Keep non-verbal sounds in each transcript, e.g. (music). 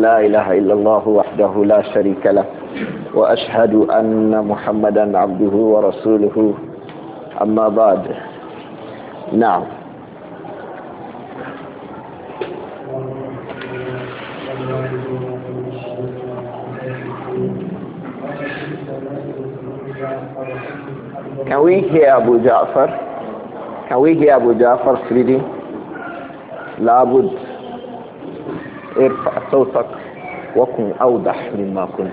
لا إله إلا الله وحده لا شريك له وأشهد أن محمدا عبده ورسوله أما بعد نعم Can we hear Abu Ja'far? Can we hear Abu Ja'far's reading? لابد ارفع صوتك وكن أوضح مما كنت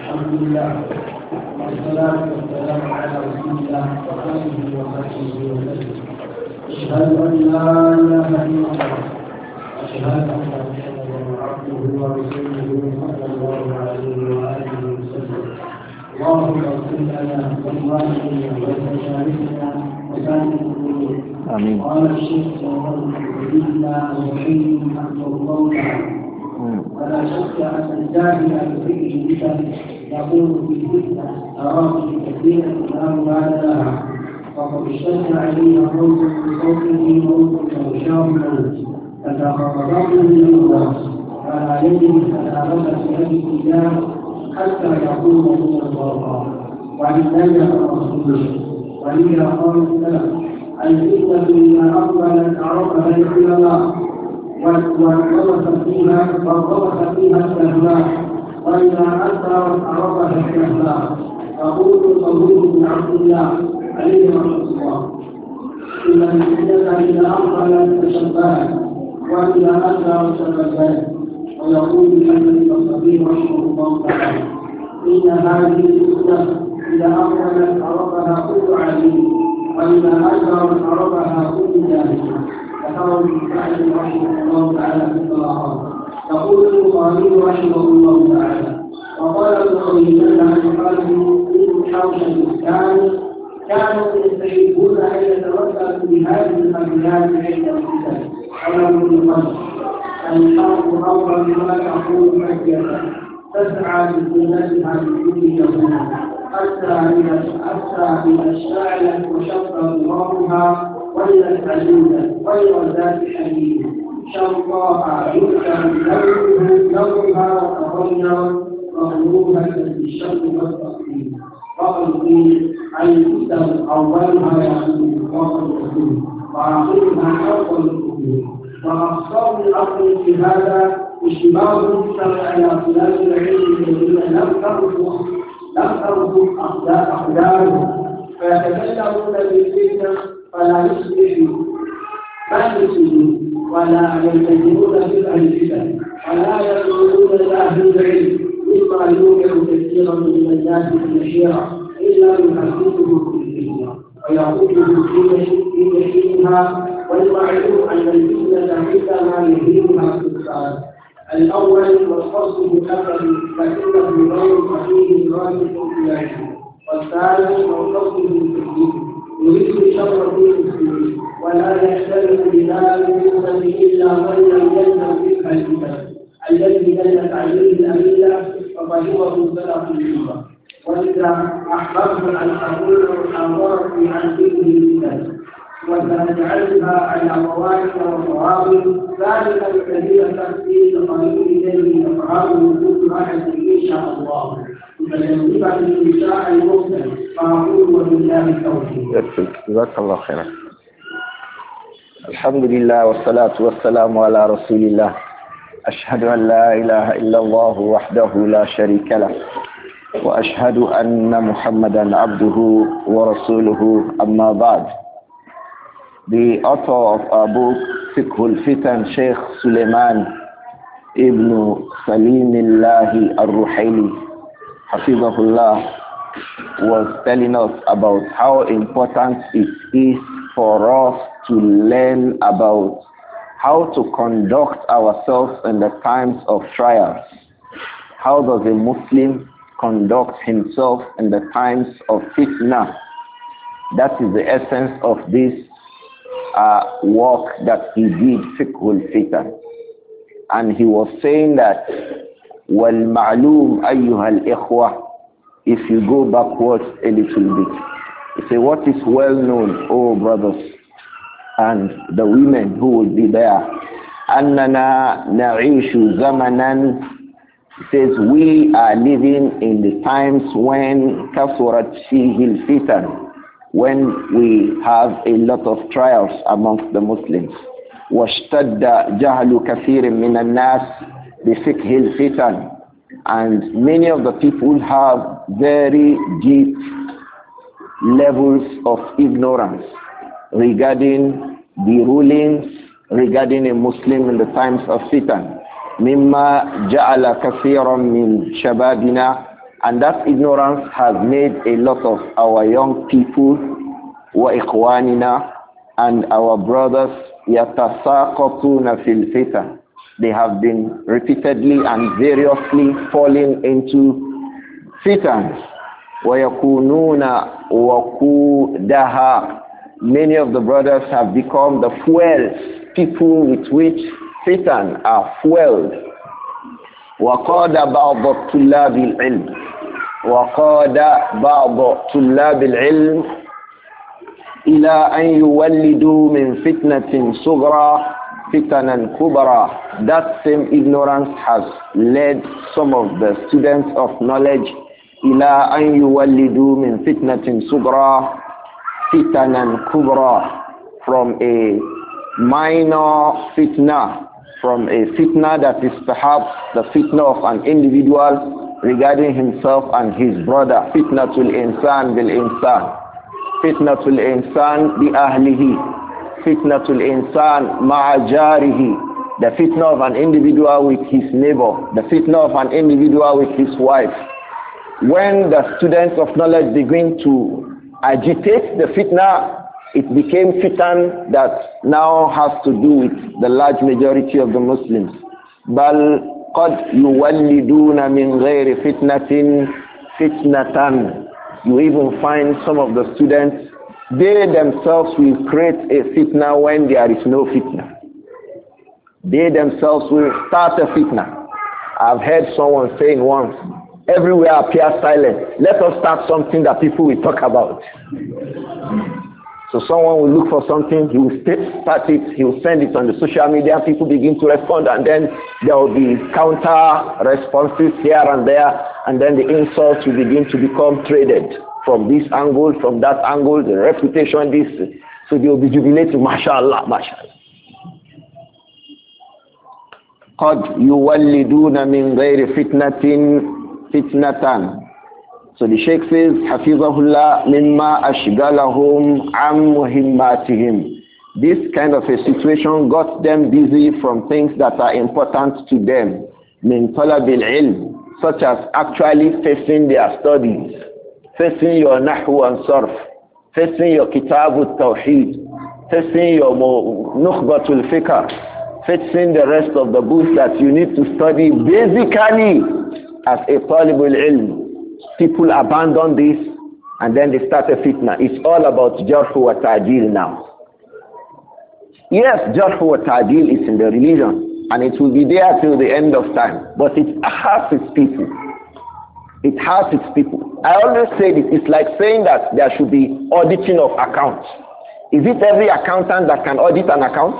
الحمد لله والصلاة والسلام على رسول الله اله وصحبه وسلم أشهد أن لا إله إلا الله أشهد أن محمدا عبده ورسوله صلى الله عليه وآله وسلم اللهم اغفر لنا والله وسلامنا وسائر وسلم آمين قال الشيخ وهو إلا ويحيي حتى الموت ولا شك أن الداعي بفكر مثل يقول في الفتنة أراه كثيرة كثير لا مبال لها وقد اشتد عليه موت بصوته موت وشاء الموت فتخرجنا من الناس فلا يجب في هذه الاتجاه حتى يقوم من الله وعن ذلك رسول الله وهي قول السلف الفتنة مما أقبلت عرفها العلماء وانغمس فيها وانغمس فيها السهماء وإذا أثرت عرفها السهماء اقول قبول بن عبد الله عليه رحمة الله إن الفتنة إذا أقبلت تشبهت وإذا أثرت تشبهت ويقول الحسن الصغير رحمه الله تعالى إن هذه الفتنة إذا أقبلت عرفها كل عليم وإن أيضا عرفها كل ذلك ذكره ابن رحمه الله تعالى في الصلاحات يقول البخاري رحمه الله تعالى وقال البخاري عن خالد بن حوشة الثاني كانوا يستحبون أن يتوسلوا بهذه الخبيلات عند الفتن ولم يقل الحرب أول ولا تقول مكة تسعى بسنتها بكل يوم أتى من أتى من الشاعر وشطر ضربها ولت عجوزا غير ذات حديد شرطها عجوزا لونها وتغير مغلوبة بالشر والتقدير فقلبي عن كتب أولها يعني وقلبي وعقلها حق الكتب وأخصر الأصل في هذا اشتباه الشرع على خلاف العلم الذين لم ترفض لم ترجم أقدارهم فيتكلمون بالفتنة فلا يصلحوا ما يفسدوا ولا يلتزمون بالألسنة ولا يقولون لأهل العلم مما يوقع كثيرا من الناس الكثيرة إلا يحسسه بالفتنة ويقوده في نشيدها والمعلوم أن الفتنة عندما يهينها الكفار الأول والقصد مكرر فإنه غير صحيح راجح العلم، والثاني والقصد بالتكليف يريد الشر في المسلمين ولا يختلف بذلك بالقلب إلا من لم يلزم فقه الكتاب الذي دلت عليه الأدلة ففهمه سلف الأمة وإذا أحببت أن أقول محاضرتي عن فقه الكتاب على مواقف وصواب ذلك تأتي إليه أفعال وجود إن شاء الله جزاك الله خيرا. الحمد لله والصلاة والسلام على رسول الله أشهد أن لا إله إلا الله وحده لا شريك له وأشهد أن محمدا عبده ورسوله أما بعد The author of our book, Fikhul Fitan, Sheikh Suleiman ibn Salimillahi al-Ruhaili, Hafizahullah, was telling us about how important it is for us to learn about how to conduct ourselves in the times of trials. How does a Muslim conduct himself in the times of fitna? That is the essence of this uh, work that he did, Fiqhul Fitan. And he was saying that, Maalum, ayuhal Ikhwa, If you go backwards a little bit, he said, what is well known, oh brothers, and the women who will be there, na نَعِيشُ زَمَنًا zamanan, says we are living in the times when كَفُرَتْ فِيهِ fitan when we have a lot of trials amongst the Muslims. واشتد جهل كثير من الناس بفقه الفتن and many of the people have very deep levels of ignorance regarding the rulings regarding a Muslim in the times of Satan, مما جعل كثيرا من شبابنا and that ignorance has made a lot of our young people, wa ikhwanina, and our brothers, yatasaqatuna fil fitan. They have been repeatedly and variously falling into fitans. Wayakununa wakudaha. Many of the brothers have become the fuels, people with which fitan are fueled وقاد بعض طلاب العلم وقاد بعض طلاب العلم إلى أن يولدوا من فتنة صغرى فتنة كبرى That same ignorance has led some of the students of knowledge إلى أن يولدوا من فتنة صغرى فتنة كبرى from a minor fitna from a fitna that is perhaps the fitna of an individual regarding himself and his brother. tul insan bil insan. tul insan bi ahlihi. tul insan maajarihi. The fitna of an individual with his neighbor. The fitna of an individual with his wife. When the students of knowledge begin to agitate the fitna it became fitan that now has to do with the large majority of the Muslims. بل قد يولدون من غير فتنة فتنة. You even find some of the students, they themselves will create a fitna when there is no fitna. They themselves will start a fitna. I've heard someone saying once, everywhere appears silent. Let us start something that people will talk about. So someone will look for something, he will start it, he will send it on the social media, people begin to respond, and then there will be counter responses here and there, and then the insults will begin to become traded from this angle, from that angle, the reputation, this. So they will be jubilating, mashallah, mashallah. قد يولدون من غير فتنة فتنة so the Sheikh says, Hafizahullah mimma ashgalahum am muhimmatihim. This kind of a situation got them busy from things that are important to them. Min talabil ilm, such as actually facing their studies, facing your nahwu and surf, facing your kitab al-tawheed, facing your nukhbatul fikr, facing the rest of the books that you need to study basically as a talibul ilm People abandon this and then they start a fitna. It's all about Jarfu Ta'jil now. Yes, Jarfu Ta'jil is in the religion and it will be there till the end of time. But it has its people. It has its people. I always say this. It's like saying that there should be auditing of accounts. Is it every accountant that can audit an account?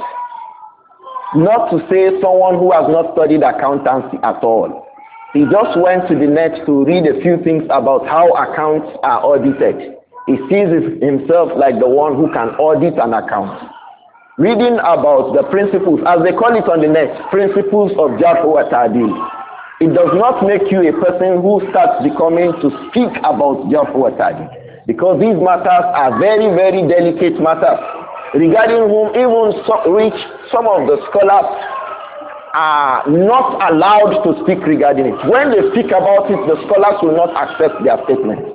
Not to say someone who has not studied accountancy at all. He just went to the net to read a few things about how accounts are audited. He sees himself like the one who can audit an account. Reading about the principles, as they call it on the net, principles of Jahwa It does not make you a person who starts becoming to speak about Jahwa Because these matters are very, very delicate matters regarding whom even so, some of the scholars are not allowed to speak regarding it. When they speak about it, the scholars will not accept their statement.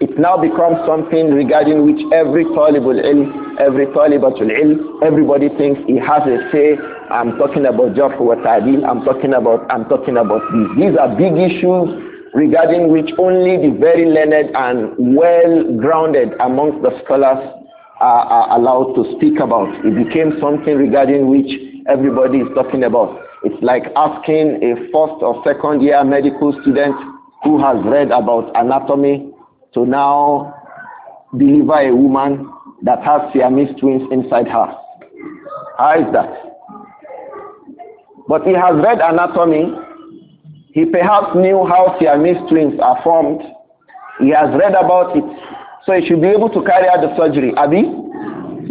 It now becomes something regarding which every talibul ilm, every talibatul ilm, everybody thinks he has a say. I'm talking about Jaffa wa Ta'dil, I'm talking about, I'm talking about these. These are big issues regarding which only the very learned and well-grounded amongst the scholars are, are allowed to speak about. It became something regarding which everybody is talking about. It's like asking a first or second year medical student who has read about anatomy to now deliver a woman that has Siamese twins inside her. How is that? But he has read anatomy. He perhaps knew how Siamese twins are formed. He has read about it. So he should be able to carry out the surgery. Abby,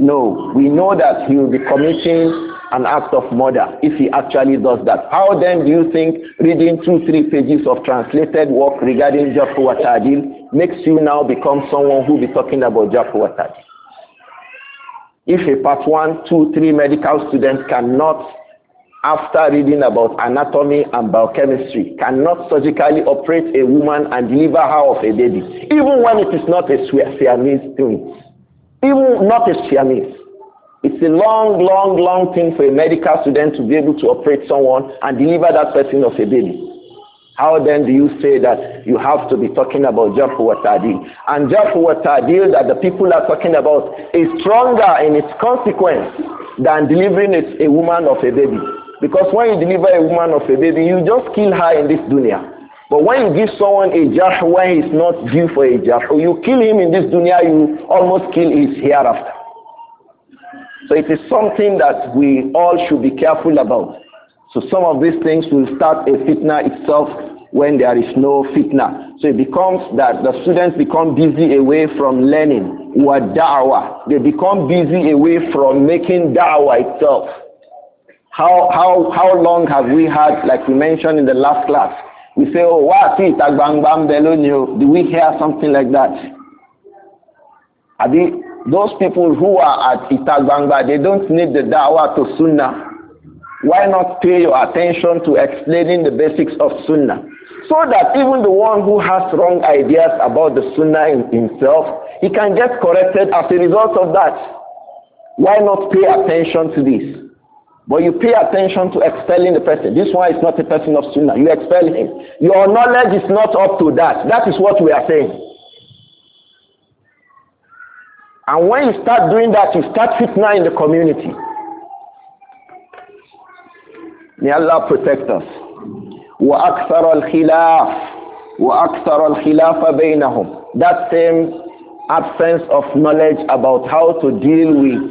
No. We know that he will be committing an act of murder if he actually does that. How then do you think reading two, three pages of translated work regarding Jafu Watadil makes you now become someone who will be talking about Jafu Watadil? If a part one, two, three medical student cannot, after reading about anatomy and biochemistry, cannot surgically operate a woman and deliver her of a baby, even when it is not a swear, siamese twins, even not a siamese, it's a long, long, long thing for a medical student to be able to operate someone and deliver that person of a baby. How then do you say that you have to be talking about Jafu Watadil? And Jafu Watadil that the people are talking about is stronger in its consequence than delivering a woman of a baby. Because when you deliver a woman of a baby, you just kill her in this dunya. But when you give someone a jahu he's not due for a jahu, you kill him in this dunya, you almost kill his hereafter. So it is something that we all should be careful about. So some of these things will start a fitna itself when there is no fitna. So it becomes that the students become busy away from learning, wa da'wah. They become busy away from making da'wah itself. How, how, how long have we had, like we mentioned in the last class, we say, oh, what is it? Do we hear something like that? they? Those people who are at Itaganga, they don't need the da'wah to sunnah. Why not pay your attention to explaining the basics of sunnah? So that even the one who has wrong ideas about the sunnah in himself, he can get corrected as a result of that. Why not pay attention to this? But you pay attention to expelling the person. This one is not a person of sunnah. You expel him. Your knowledge is not up to that. That is what we are saying. And when you start doing that, you start fitna in the community. May Allah protect us. وَأَكْثَرَ الْخِلَافَ وَأَكْثَرَ الْخِلَافَ بَيْنَهُمْ That same absence of knowledge about how to deal with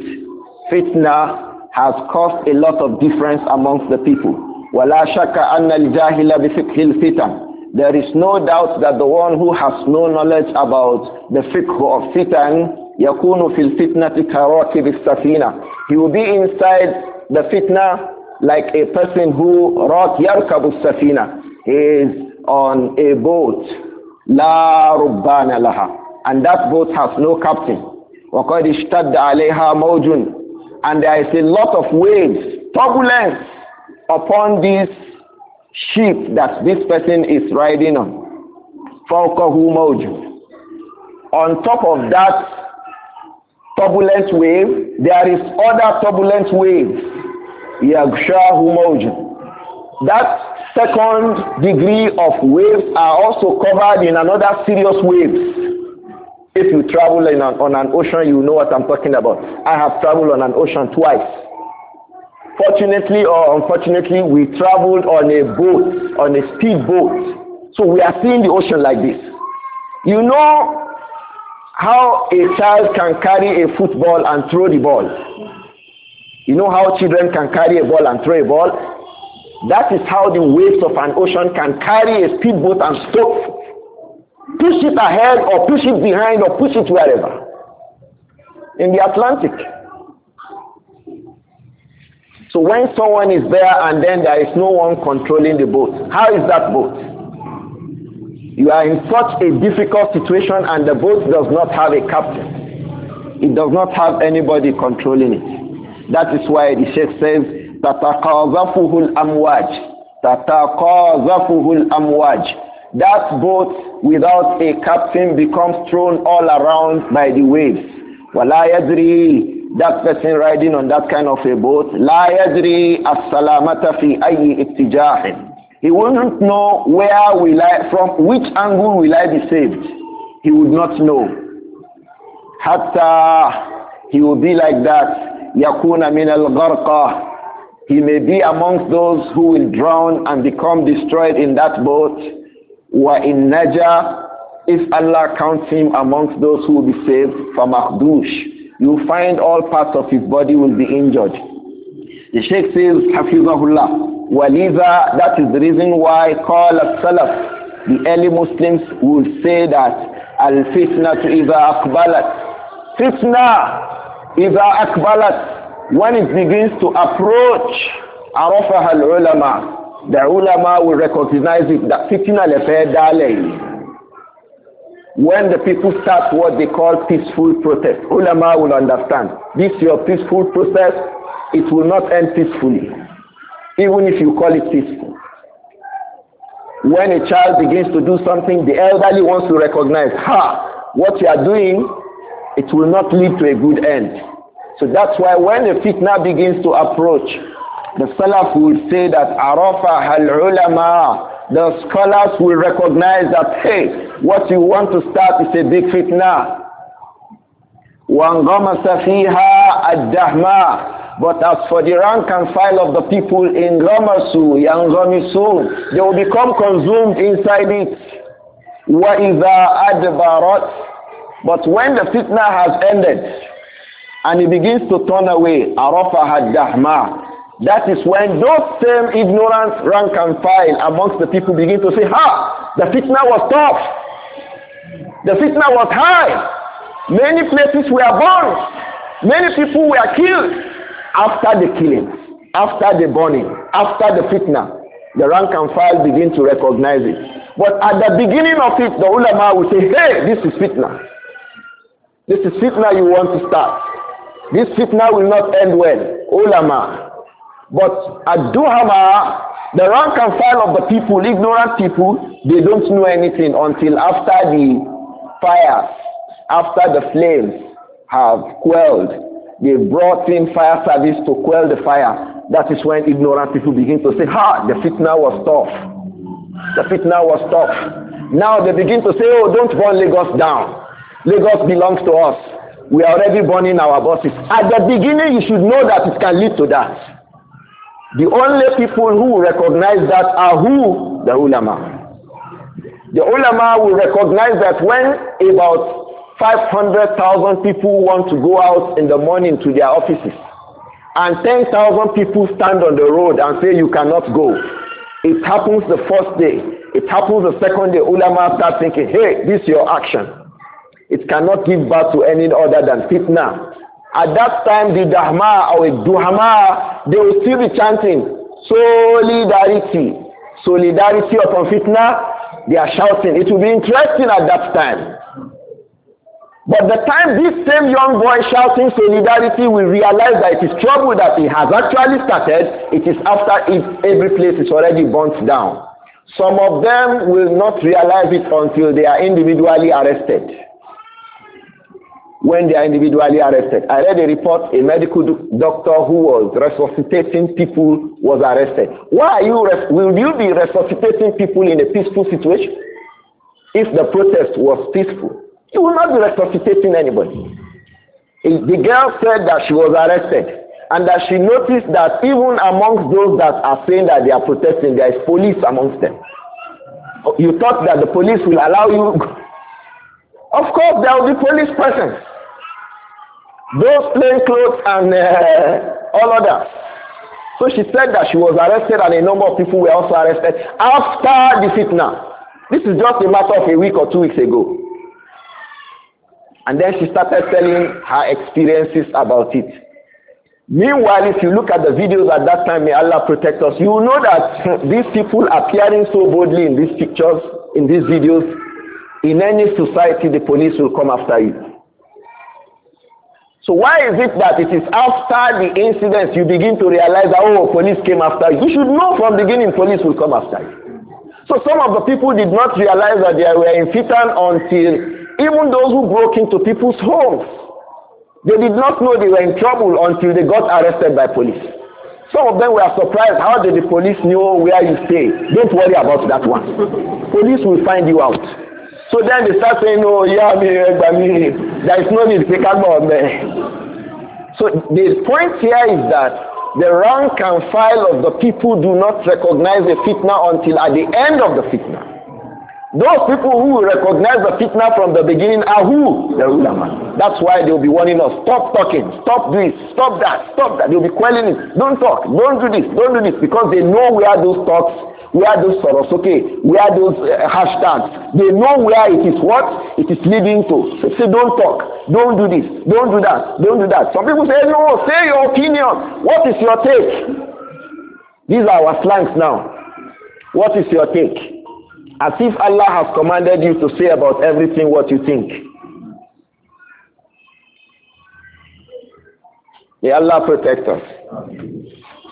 fitna has caused a lot of difference amongst the people. وَلَا شَكَ أَنَّ الْجَاهِلَ بِفِقْهِ الْفِتَنِ there is no doubt that the one who has no knowledge about the fiqh of fitan he will be inside the fitna like a person who rock يركب safina he is on a boat la ربان لها and that boat has no captain وقد اشتد alayha موج and there is a lot of waves turbulence upon this ship that this person is riding on فوقه موج on top of that turbulent wave, there is other turbulent wave. That second degree of waves are also covered in another serious waves. If you travel an, on an ocean, you know what I'm talking about. I have traveled on an ocean twice. Fortunately or unfortunately, we traveled on a boat, on a speed boat, So we are seeing the ocean like this. You know how a child can carry a football and throw the ball. You know how children can carry a ball and throw a ball? That is how the waves of an ocean can carry a speedboat and stop, push it ahead or push it behind or push it wherever. In the Atlantic. So when someone is there and then there is no one controlling the boat, how is that boat? You are in such a difficult situation and the boat does not have a captain. It does not have anybody controlling it. That is why the Sheikh says, تَتَقَاذَفُهُ الْأَمْوَاجِ تَتَقَاذَفُهُ الْأَمْوَاجِ That boat without a captain becomes thrown all around by the waves. وَلَا يَدْرِي That person riding on that kind of a boat, لَا يَدْرِي السَّلَامَةَ فِي أَيِّ اتِّجَاهٍ he wouldn't know where will I, from which angle will I be saved. He would not know. Hatta he will be like that. Yakuna min al He may be amongst those who will drown and become destroyed in that boat. Wa in naja. If Allah counts him amongst those who will be saved, from فَمَخْدُوشٍ You'll find all parts of his body will be injured. The Sheikh says, "Hafizahullah." Waliza, that is the reason why call salaf the early Muslims would say that al-fitna is akbalat. Fitna is akbalat. When it begins to approach, arafaha al-ulama. The ulama will recognize it, that fitna lefe dalay when the people start what they call peaceful protest, ulama will understand. This your peaceful protest, it will not end peacefully even if you call it peaceful. When a child begins to do something, the elderly wants to recognize, ha, what you are doing, it will not lead to a good end. So that's why when the fitna begins to approach, the Salaf will say that Arafa hal ulama. The scholars will recognize that hey, what you want to start is a big fitna. وانغمس فيها الدهماء but as for the rank and file of the people in Ramasu, Yangomisu, they will become consumed inside it. وَإِذَا أَدْبَرَتْ But when the fitna has ended and he begins to turn away, عَرَفَهَا الدَّحْمَةِ that is when those same ignorant rank and file amongst the people begin to say, Ha! The fitna was tough. The fitna was high. Many places were burned. Many people were killed. After the killing, after the burning, after the fitna, the rank and file begin to recognize it. But at the beginning of it, the ulama will say, hey, this is fitna. This is fitna you want to start. This fitna will not end well. Ulama. But at Duhama, the rank and file of the people, ignorant people, they don't know anything until after the fire, after the flames have quelled they brought in fire service to quell the fire. That is when ignorant people begin to say, ha, the fitna was tough. The fitna was tough. Now they begin to say, oh, don't burn Lagos down. Lagos belongs to us. We are already burning our buses. At the beginning, you should know that it can lead to that. The only people who recognize that are who? The ulama. The ulama will recognize that when about 500,000 people want to go out in the morning to their offices and 10,000 people stand on the road and say you cannot go. It happens the first day. It happens the second day. Ulama start thinking, hey, this is your action. It cannot give birth to any other than fitna. At that time, the dahma or duhama, they will still be chanting solidarity. Solidarity upon fitna, they are shouting. It will be interesting at that time. But the time this same young boy shouting solidarity will realize that it is trouble that he has actually started, it is after it, every place is already burnt down. Some of them will not realize it until they are individually arrested. When they are individually arrested. I read a report, a medical doctor who was resuscitating people was arrested. Why are you, will you be resuscitating people in a peaceful situation? If the protest was peaceful. He will not be resuscitating anybody. The girl said that she was arrested and that she noticed that even amongst those that are saying that they are protesting, there is police amongst them. You thought that the police will allow you. (laughs) Of course, there will be police presence. Those plain clothes and uh, all others. So she said that she was arrested and a number of people were also arrested after the fitna. This is just a matter of a week or two weeks ago. And then she started telling her experiences about it. Meanwhile, if you look at the videos at that time, may Allah protect us, you know that (laughs) these people appearing so boldly in these pictures, in these videos, in any society, the police will come after you. So why is it that it is after the incident you begin to realize that, oh, police came after you? You should know from beginning police will come after you. So some of the people did not realize that they were in fitan until even those who broke into people's homes, they did not know they were in trouble until they got arrested by police. Some of them were surprised. How did the police know where you stay? Don't worry about that one. police will find you out. So then they start saying, oh, yeah, me, eh, by me. There is no need to take So the point here is that the rank and file of the people do not recognize the fitna until at the end of the fitna. Those people who recognize the fitna from the beginning are who? The ulama. That's why they'll be warning us, stop talking, stop this, stop that, stop that. They'll be quelling it. Don't talk, don't do this, don't do this, because they know where those talks, where those sorrows, okay, where those uh, hashtags, they know where it is what it is leading to. So say, don't talk, don't do this, don't do that, don't do that. Some people say, no, say your opinion. What is your take? These are our slangs now. What is your take? As if Allah has commanded you to say about everything what you think. May Allah protect us.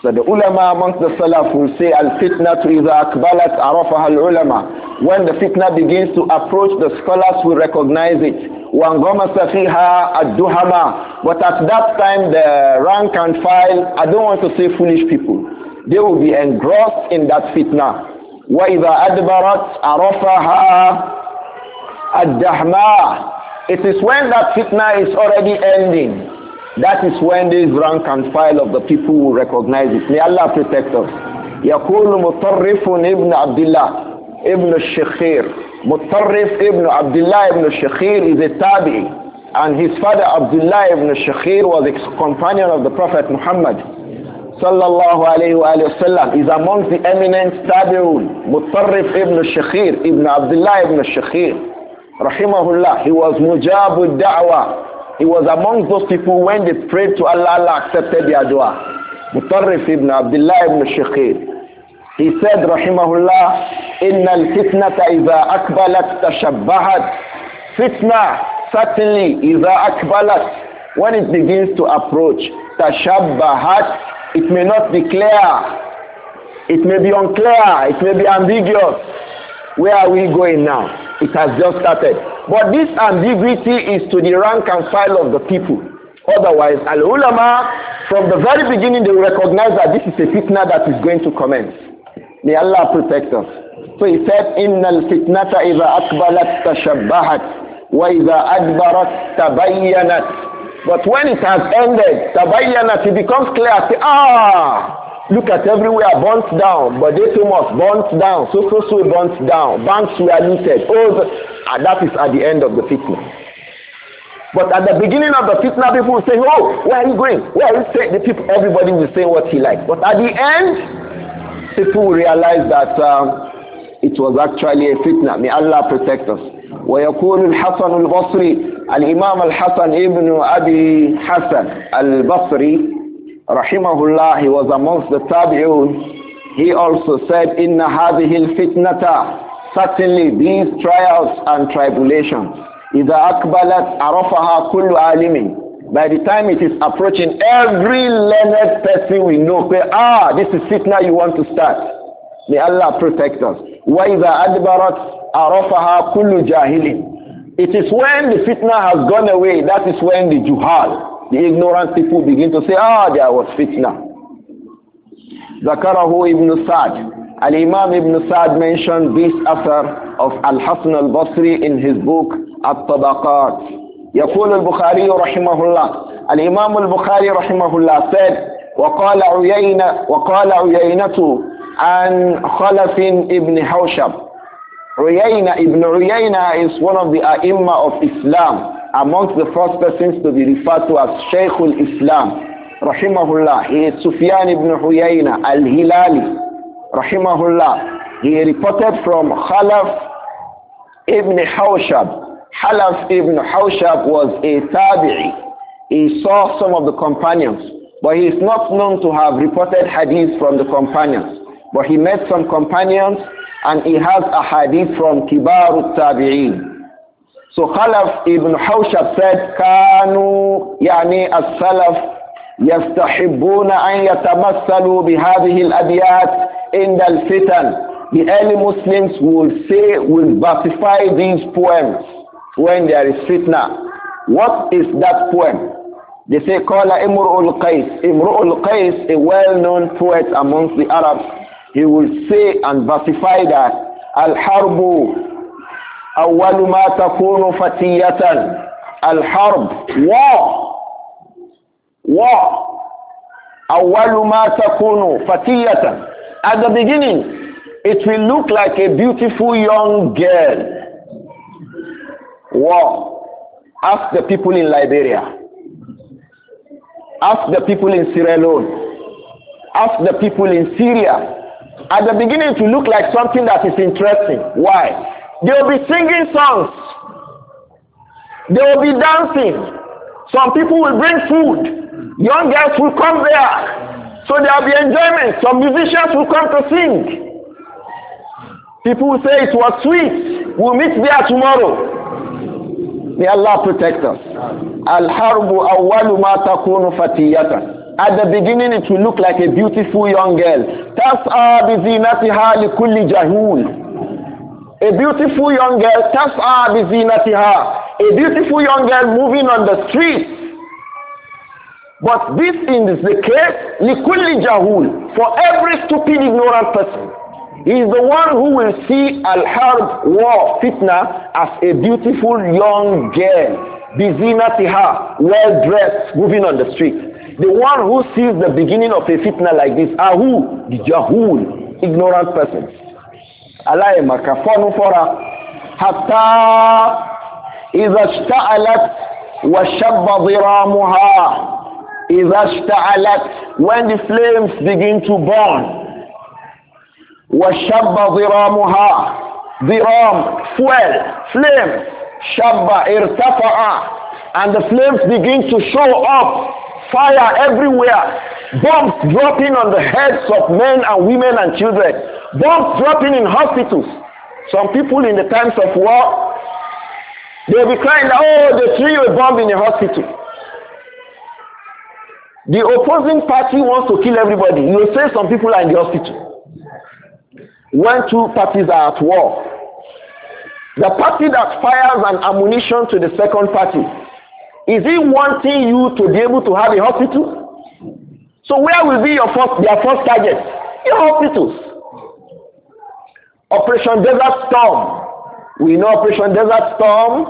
So the ulama amongst the salaf will say al-fitna iza akbalat arafah al-ulama. When the fitna begins to approach, the scholars will recognize it. وَانْغَمَسَ ad-duhama. But at that time, the rank and file, I don't want to say foolish people, they will be engrossed in that fitna. وَإِذَا أَدْبَرَتْ أَرَفَهَا الدَّحْمَى It is when that fitna is already ending. That is when this rank and file of the people will recognize it. May Allah protect us. يقول مطرف ابن عبد الله ابن الشخير مطرف ابن عبد الله ابن الشخير is a tabi and his father Abdullah ibn Shakhir was a companion of the Prophet Muhammad sallallahu alayhi wa sallam is among the eminent tabi'un, Mutarrif ibn al-Shakhir, ibn Abdullah ibn al-Shakhir. Rahimahullah, he was mujabud da'wah. He was among those people when they prayed to Allah, Allah accepted their dua. Mutarrif ibn Abdullah ibn al-Shakhir. He said, Rahimahullah, إِنَّ الْفِتْنَةَ إِذَا أَكْبَلَتْ تَشَبَّهَتْ Fitna, certainly, إِذَا أَكْبَلَتْ When it begins to approach, تَشَبَّهَتْ It may not be clear. It may be unclear. It may be ambiguous. Where are we going now? It has just started. But this ambiguity is to the rank and file of the people. Otherwise, al-ulama, from the very beginning, they will recognize that this is a fitna that is going to commence. May Allah protect us. So he said, إِنَّ الْفِتْنَةَ إِذَا أَقْبَلَتْ wa وَإِذَا adbarat tabayyanat. But when it has ended, tabayyanat, it becomes clear. Say, ah, look at everywhere burnt down. But they too much burnt down. So so so burnt down. Banks were looted. Oh, ah, that is at the end of the fitna. But at the beginning of the fitna, people will say, oh, where are you going? Where are you saying? The people, everybody will say what he likes. But at the end, people will realize that um, it was actually a fitna. May Allah protect us. ويكون الحسن البصري الإمام الحسن ibn Abi Hassan al-Basri rahimahullah he was amongst the tabi'un he also said inna hadhihi al certainly these trials and tribulations idha akbalat arafaha kullu alimin by the time it is approaching every learned person we know say ah this is fitna you want to start may Allah protect us wa idha adbarat arafaha kullu jahili. It is when the fitna has gone away, that is when the juhal, the ignorant people begin to say, ah, there was fitna. Zakarahu ibn Sa'd. Al-Imam ibn Sa'd mentioned this author of Al-Hasan al-Basri in his book, At-Tabaqat. يقول البخاري رحمه الله الإمام البخاري رحمه الله said وقال عيينة وقال عيينة عن خلف ابن حوشب Uyayna ibn Uyayna is one of the ai of Islam, amongst the first persons to be referred to as Shaykhul islam Rahimahullah. He is Sufyan ibn Uyayna al-Hilali. Rahimahullah. He reported from Khalaf ibn Hawshab. Khalaf ibn Hawshab was a tabi'i. He saw some of the companions, but he is not known to have reported hadith from the companions. But he met some companions and he has a hadith from Kibar al-Tabi'in. So Khalaf ibn Hawshab said, كانوا يعني السلف يستحبون أن يتمثلوا بهذه الأبيات عند الفتن. The early Muslims will say, will versify these poems when there is fitna. What is that poem? They say, قال امرؤ القيس. امرؤ القيس, a well-known poet amongst the Arabs, he will say and versify that Al-Harbu ma ما تكون al harb war war أول ma تكون فتية at the beginning it will look like a beautiful young girl war ask the people in Liberia ask the people in Sierra Leone ask the people in Syria at the beginning, to look like something that is interesting. Why? They will be singing songs. They will be dancing. Some people will bring food. Young girls will come there. So there will be enjoyment. Some musicians will come to sing. People will say it was sweet. We'll meet there tomorrow. May Allah protect us. Al-harbu awwalu ma takunu fatiyatan. At the beginning, it will look like a beautiful young girl. a beautiful young girl, a beautiful young girl moving on the street. But this is the case, jahul, for every stupid ignorant person. He is the one who will see al-harb, war, fitna, as a beautiful young girl, bizinatiha, well dressed, moving on the street. The one who sees the beginning of a fitna like this are who? The jahul, ignorant persons. Allah makafanu fora hatta إذا اشتعلت وشب ضرامها إذا اشتعلت when the flames begin to burn shabba ضرامها ضرام fuel flame shabba irtafaa, and the flames begin to show up Fire everywhere. Bombs dropping on the heads of men and women and children. Bombs dropping in hospitals. Some people in the times of war, they'll be crying, oh, they threw a bomb in a hospital. The opposing party wants to kill everybody. You say some people are in the hospital. When two parties are at war, the party that fires an ammunition to the second party is he wanting you to be able to have a hospital? So where will be your first, their first target? Your hospitals. Operation Desert Storm. We know Operation Desert Storm,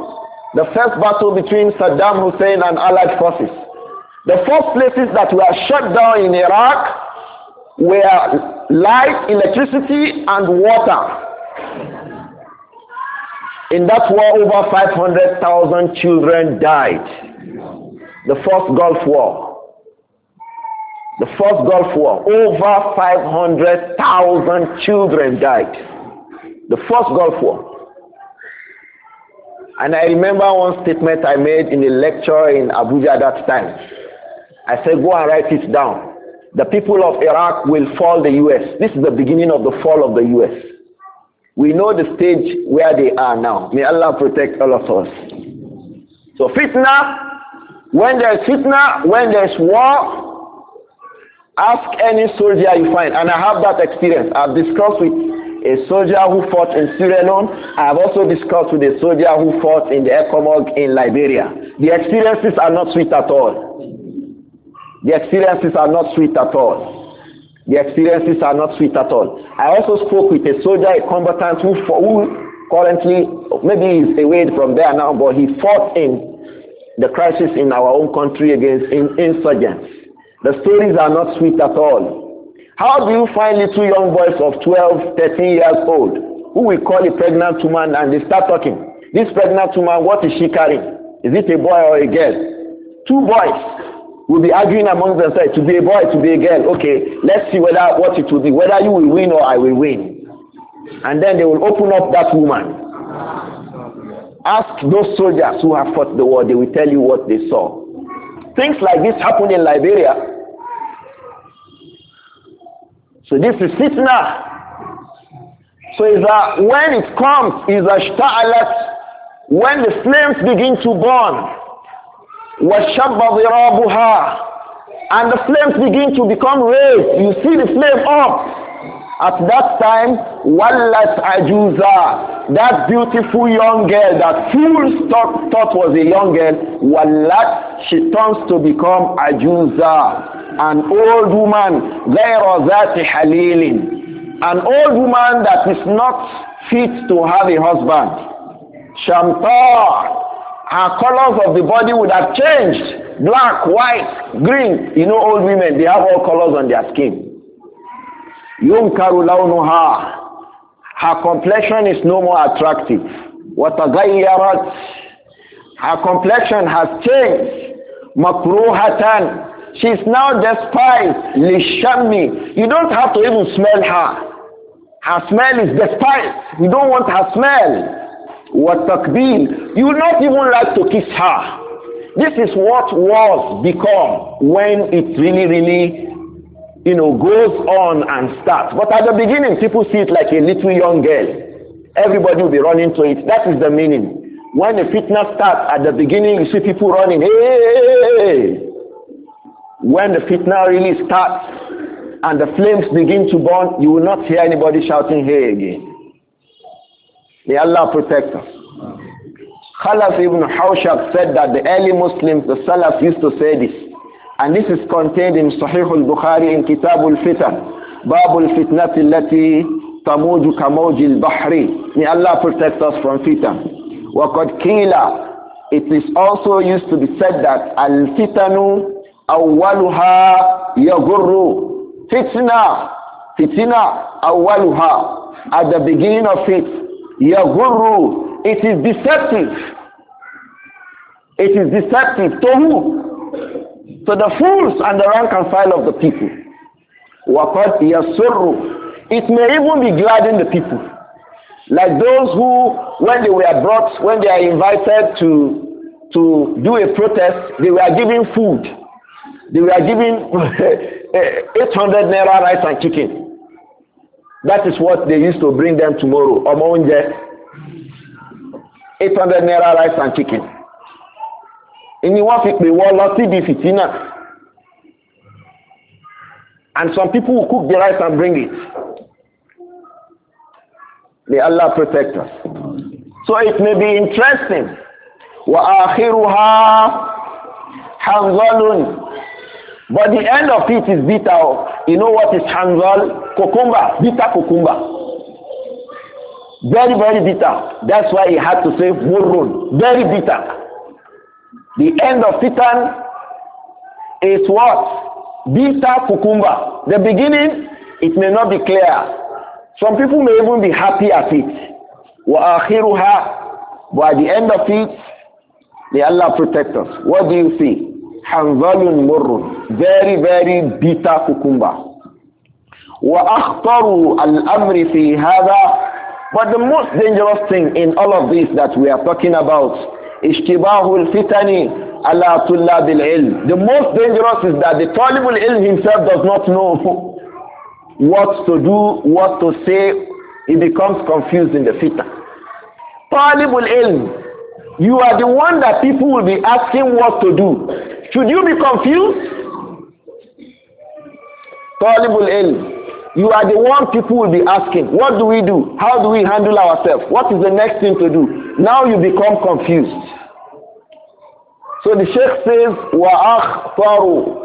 the first battle between Saddam Hussein and Allied forces. The first places that were shut down in Iraq were light, electricity, and water. In that war, over 500,000 children died. The first Gulf War. The first Gulf War, over 500,000 children died. The first Gulf War. And I remember one statement I made in a lecture in Abuja that time. I said, go and write it down. The people of Iraq will fall the U.S. This is the beginning of the fall of the U.S. We know the stage where they are now. May Allah protect all of us. So fitna, when there's fitna, when there's war, ask any soldier you find. And I have that experience. I've discussed with a soldier who fought in Sierra Leone. I've also discussed with a soldier who fought in the Ecomog in Liberia. The experiences are not sweet at all. The experiences are not sweet at all. The experiences are not sweet at all. I also spoke with a soldier, a combatant who, who currently, maybe he's away from there now, but he fought in the crisis in our own country against insurgents. The stories are not sweet at all. How do you find little young boys of 12, 13 years old who will call a pregnant woman and they start talking? This pregnant woman, what is she carrying? Is it a boy or a girl? Two boys will be arguing among themselves to be a boy, to be a girl. Okay, let's see whether what it will be, whether you will win or I will win. And then they will open up that woman. Ask those soldiers who have fought the war, they will tell you what they saw. Things like this happen in Liberia. So this is fitna. So is that when it comes, is a when the flames begin to burn, وَشَبَّ ضِرَابُهَا And the flames begin to become red. You see the flame up. At that time, وَلَّتْ ajuzah, That beautiful young girl that fool thought, thought was a young girl, وَلَّتْ She turns to become ajuzah, an old woman, غَيْرَ ذَاتِ halilin, An old woman that is not fit to have a husband. Shamtar, her colors of the body would have changed. Black, white, green. You know old women, they have all colors on their skin. يُنْكَرُ لَوْنُهَا Her complexion is no more attractive. وَتَغَيَّرَتْ Her complexion has changed. مَكْرُوهَةً She's now despised. Lishami. You don't have to even smell her. Her smell is despised. You don't want her smell. What takbir. You will not even like to kiss her. This is what wars become when it really, really, you know, goes on and starts. But at the beginning, people see it like a little young girl. Everybody will be running to it. That is the meaning. When the fitna starts at the beginning, you see people running. Hey, hey, hey. When the fitna really starts and the flames begin to burn, you will not hear anybody shouting, hey again. May Allah protect us. Khalaf ibn Hawshab said that the early Muslims, the Salaf used to say this. And this is contained in Sahih al-Bukhari in Kitab al-Fitan. Bab al-Fitnati allati tamuju kamawji al-Bahri. May Allah protect us from fitan. وَقَدْ قِيلَ It is also used to be said that al-fitanu awwaluha yagurru. Fitna, fitna awwaluha. At the beginning of it, yagurru it is deceptive. It is deceptive to who? To the fools and the rank and file of the people. وَقَدْ يَسُرُّ It may even be gladdening the people. Like those who, when they were brought, when they are invited to to do a protest, they were given food. They were given (laughs) eh, 800 naira rice and chicken. That is what they used to bring them tomorrow. Omonje. 800 naira rice and chicken In the fi pè wọ́n lọ síbi and some people will cook the rice and bring it may Allah protect us so it may be interesting وآخرها حنظل but the end of it is bitter you know what is hanzal cucumber bitter cucumber very, very bitter. That's why he had to say Murrun. Very bitter. The end of Satan is what? Bitter cucumber. The beginning, it may not be clear. Some people may even be happy at it. وَآخِرُهَا But at the end of it, may Allah protect us. What do you see? حَنْظَلٌ مُرٌ Very, very bitter cucumber. وَأَخْطَرُ الْأَمْرِ فِي هَذَا but the most dangerous thing in all of this that we are talking about is ishtibahul fitani ala tullabil ilm. The most dangerous is that the talibul ilm himself does not know (laughs) what to do, what to say. He becomes confused in the fitna. Talibul ilm, you are the one that people will be asking what to do. Should you be confused? Talibul ilm you are the one people will be asking, what do we do? How do we handle ourselves? What is the next thing to do? Now you become confused. So the Sheikh says, وَأَخْطَرُ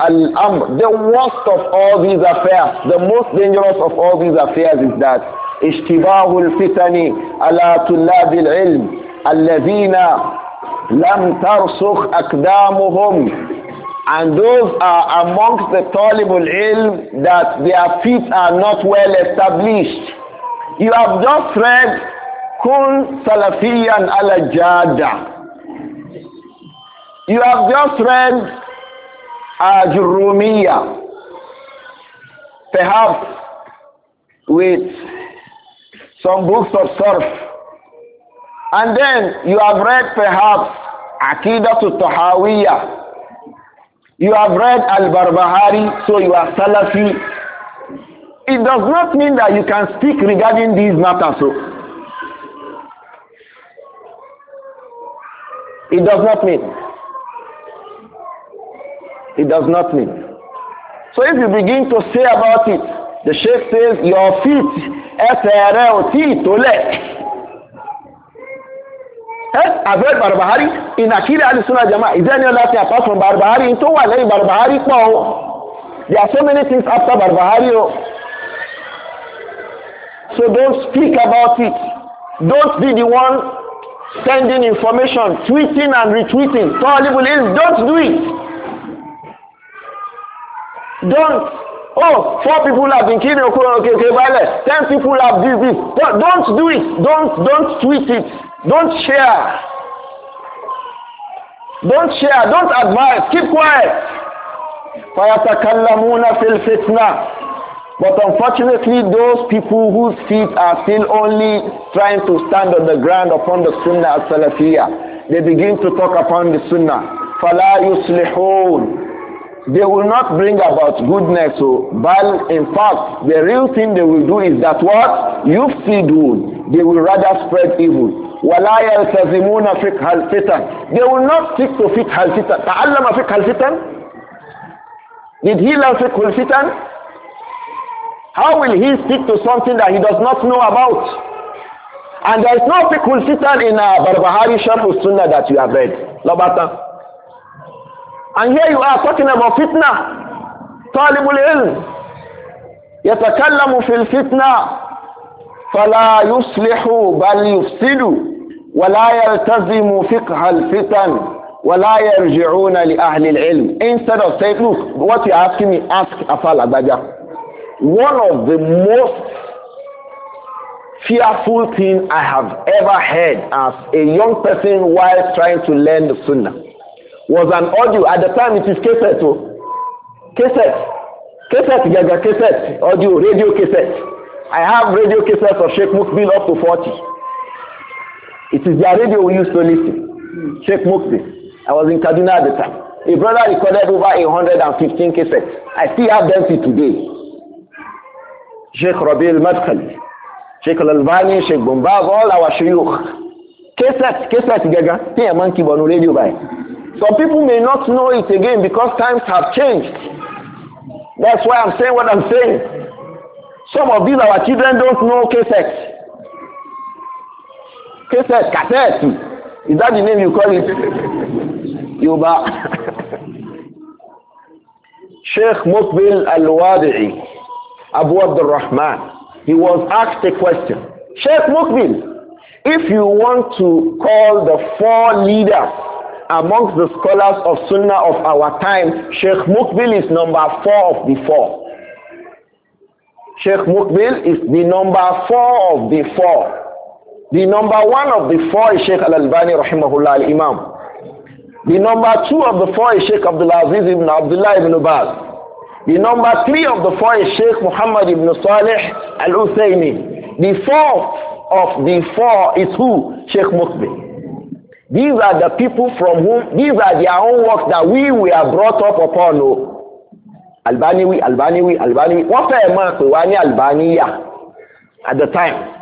الْأَمْرِ The worst of all these affairs, the most dangerous of all these affairs is that اشتباه الفتن على طلاب العلم الذين لم ترسخ أقدامهم and those are amongst the tolerable Ilm that their feet are not well established. You have just read Kun Salafiyan al Jada. You have just read Ajrumiya. Perhaps with some books of Surf. And then you have read perhaps Aqidatul Tahawiyah. You have read Al-Barbahari, so you are Salafi. It does not mean that you can speak regarding these matters. So. It does not mean. It does not mean. So if you begin to say about it, the Sheikh says, your feet, ẹsẹ̀ rẹ̀ tó I've read Barbahari in Akira Ali Sunnah Jama. Is there any other thing apart from Barbahari? In Towa lẹ́yìn Barbahari pọ̀ o. There are so many things after Barbahari o. So don't speak about it. Don't be the one sending information, tweeting and retweeting. Tọ́líbù lè don't do it. Don't. Oh, four people have been killed in Okoro Okeke Bale. Ten people have been this. Don't do it. Don't don't tweet it. Don't share. Don't share. Don't advise. Keep quiet. فَيَتَكَلَّمُونَ فِي الْفِتْنَةِ but unfortunately, those people whose feet are still only trying to stand on the ground upon the Sunnah as salafiyah they begin to talk upon the Sunnah. فَلَا يُصْلِحُونَ they will not bring about goodness. So, but in fact, the real thing they will do is that what you feed, doing, they will rather spread evil. ولا يلتزمون فقه الفتن they will not stick to فقه الفتن تعلم فقه الفتن did he learn فقه الفتن how will he stick to something that he does not know about and there is no فقه الفتن in a uh, Barbahari Sharh Sunnah that you have read matter. And here you are talking about fitna. طالب العلم يتكلم في الفتنة فلا يصلح بل يفسد ولا يلتزم فقه الفتن ولا يرجعون لأهل العلم instead of saying look what you're asking me ask Afal Abaja one of the most fearful thing I have ever heard as a young person while trying to learn the sunnah was an audio at the time it is cassette o oh. cassette cassette gaga cassette audio radio cassette I have radio cassettes of Sheikh Mukbil up to forty it is their radio we used to listen Sheikh Mukbil I was in Kaduna at the time a brother recorded over a hundred and fifteen cassettes I still have them till today Sheikh Rabi al-Madkhali Sheikh al-Albani all our shuyukh cassette cassette gaga tí ẹ̀ máa ń kí radio. rédíò báyìí. Some people may not know it again because times have changed. That's why I'm saying what I'm saying. Some of these our children don't know K-sex. K-sex, cassette. Is that the name you call it? (laughs) Yuba. (laughs) Sheikh Mukbil Al-Wadi'i, Abu al Rahman, he was asked a question. Sheikh Mukbil, if you want to call the four leaders amongst the scholars of Sunnah of our time, Sheikh Mukbil is number four of the four. Sheikh Mukbil is the number four of the four. The number one of the four is Sheikh Al-Albani rahimahullah al-Imam. The number two of the four is Sheikh Abdullah Aziz ibn Abdullah ibn Baz. The number three of the four is Sheikh Muhammad ibn Saleh al-Uthaymi. The fourth of the four is who? Sheikh Mukbil. These are the people from whom, these are their own works that we were brought up upon. Oh. Albaniwi, Albaniwi, What a man Albania at the time?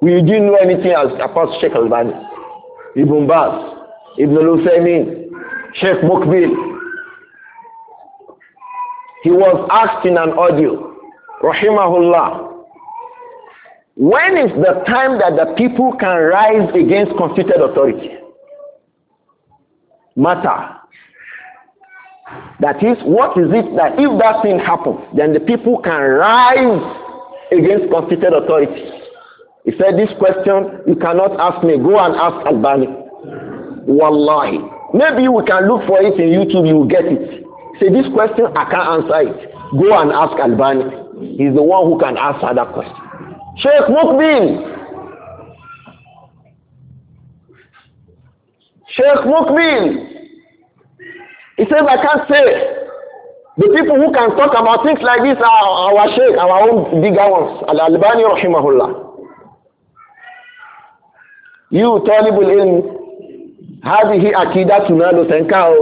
We didn't know anything else apart Sheikh Albani, Ibn Bas, Ibn Lusaymin, Sheikh Mukbil. He was asked in an audio, Rahimahullah, when is the time that the people can rise against constituted authority? matter. That is, what is it that if that thing happens, then the people can rise against constituted authority. He said, this question, you cannot ask me. Go and ask Albani. Wallahi. Maybe we can look for it in YouTube, you will get it. Say, this question, I can't answer it. Go and ask Albani. He's the one who can answer that question. Sheikh Mukbin, Sheikh Mukmin, he says, I can't say. The people who can talk about things like this are our Sheikh, our own bigger ones. Al-Albani rahimahullah. You, طالب العلم, هذه عقيدتنا لو تنكاو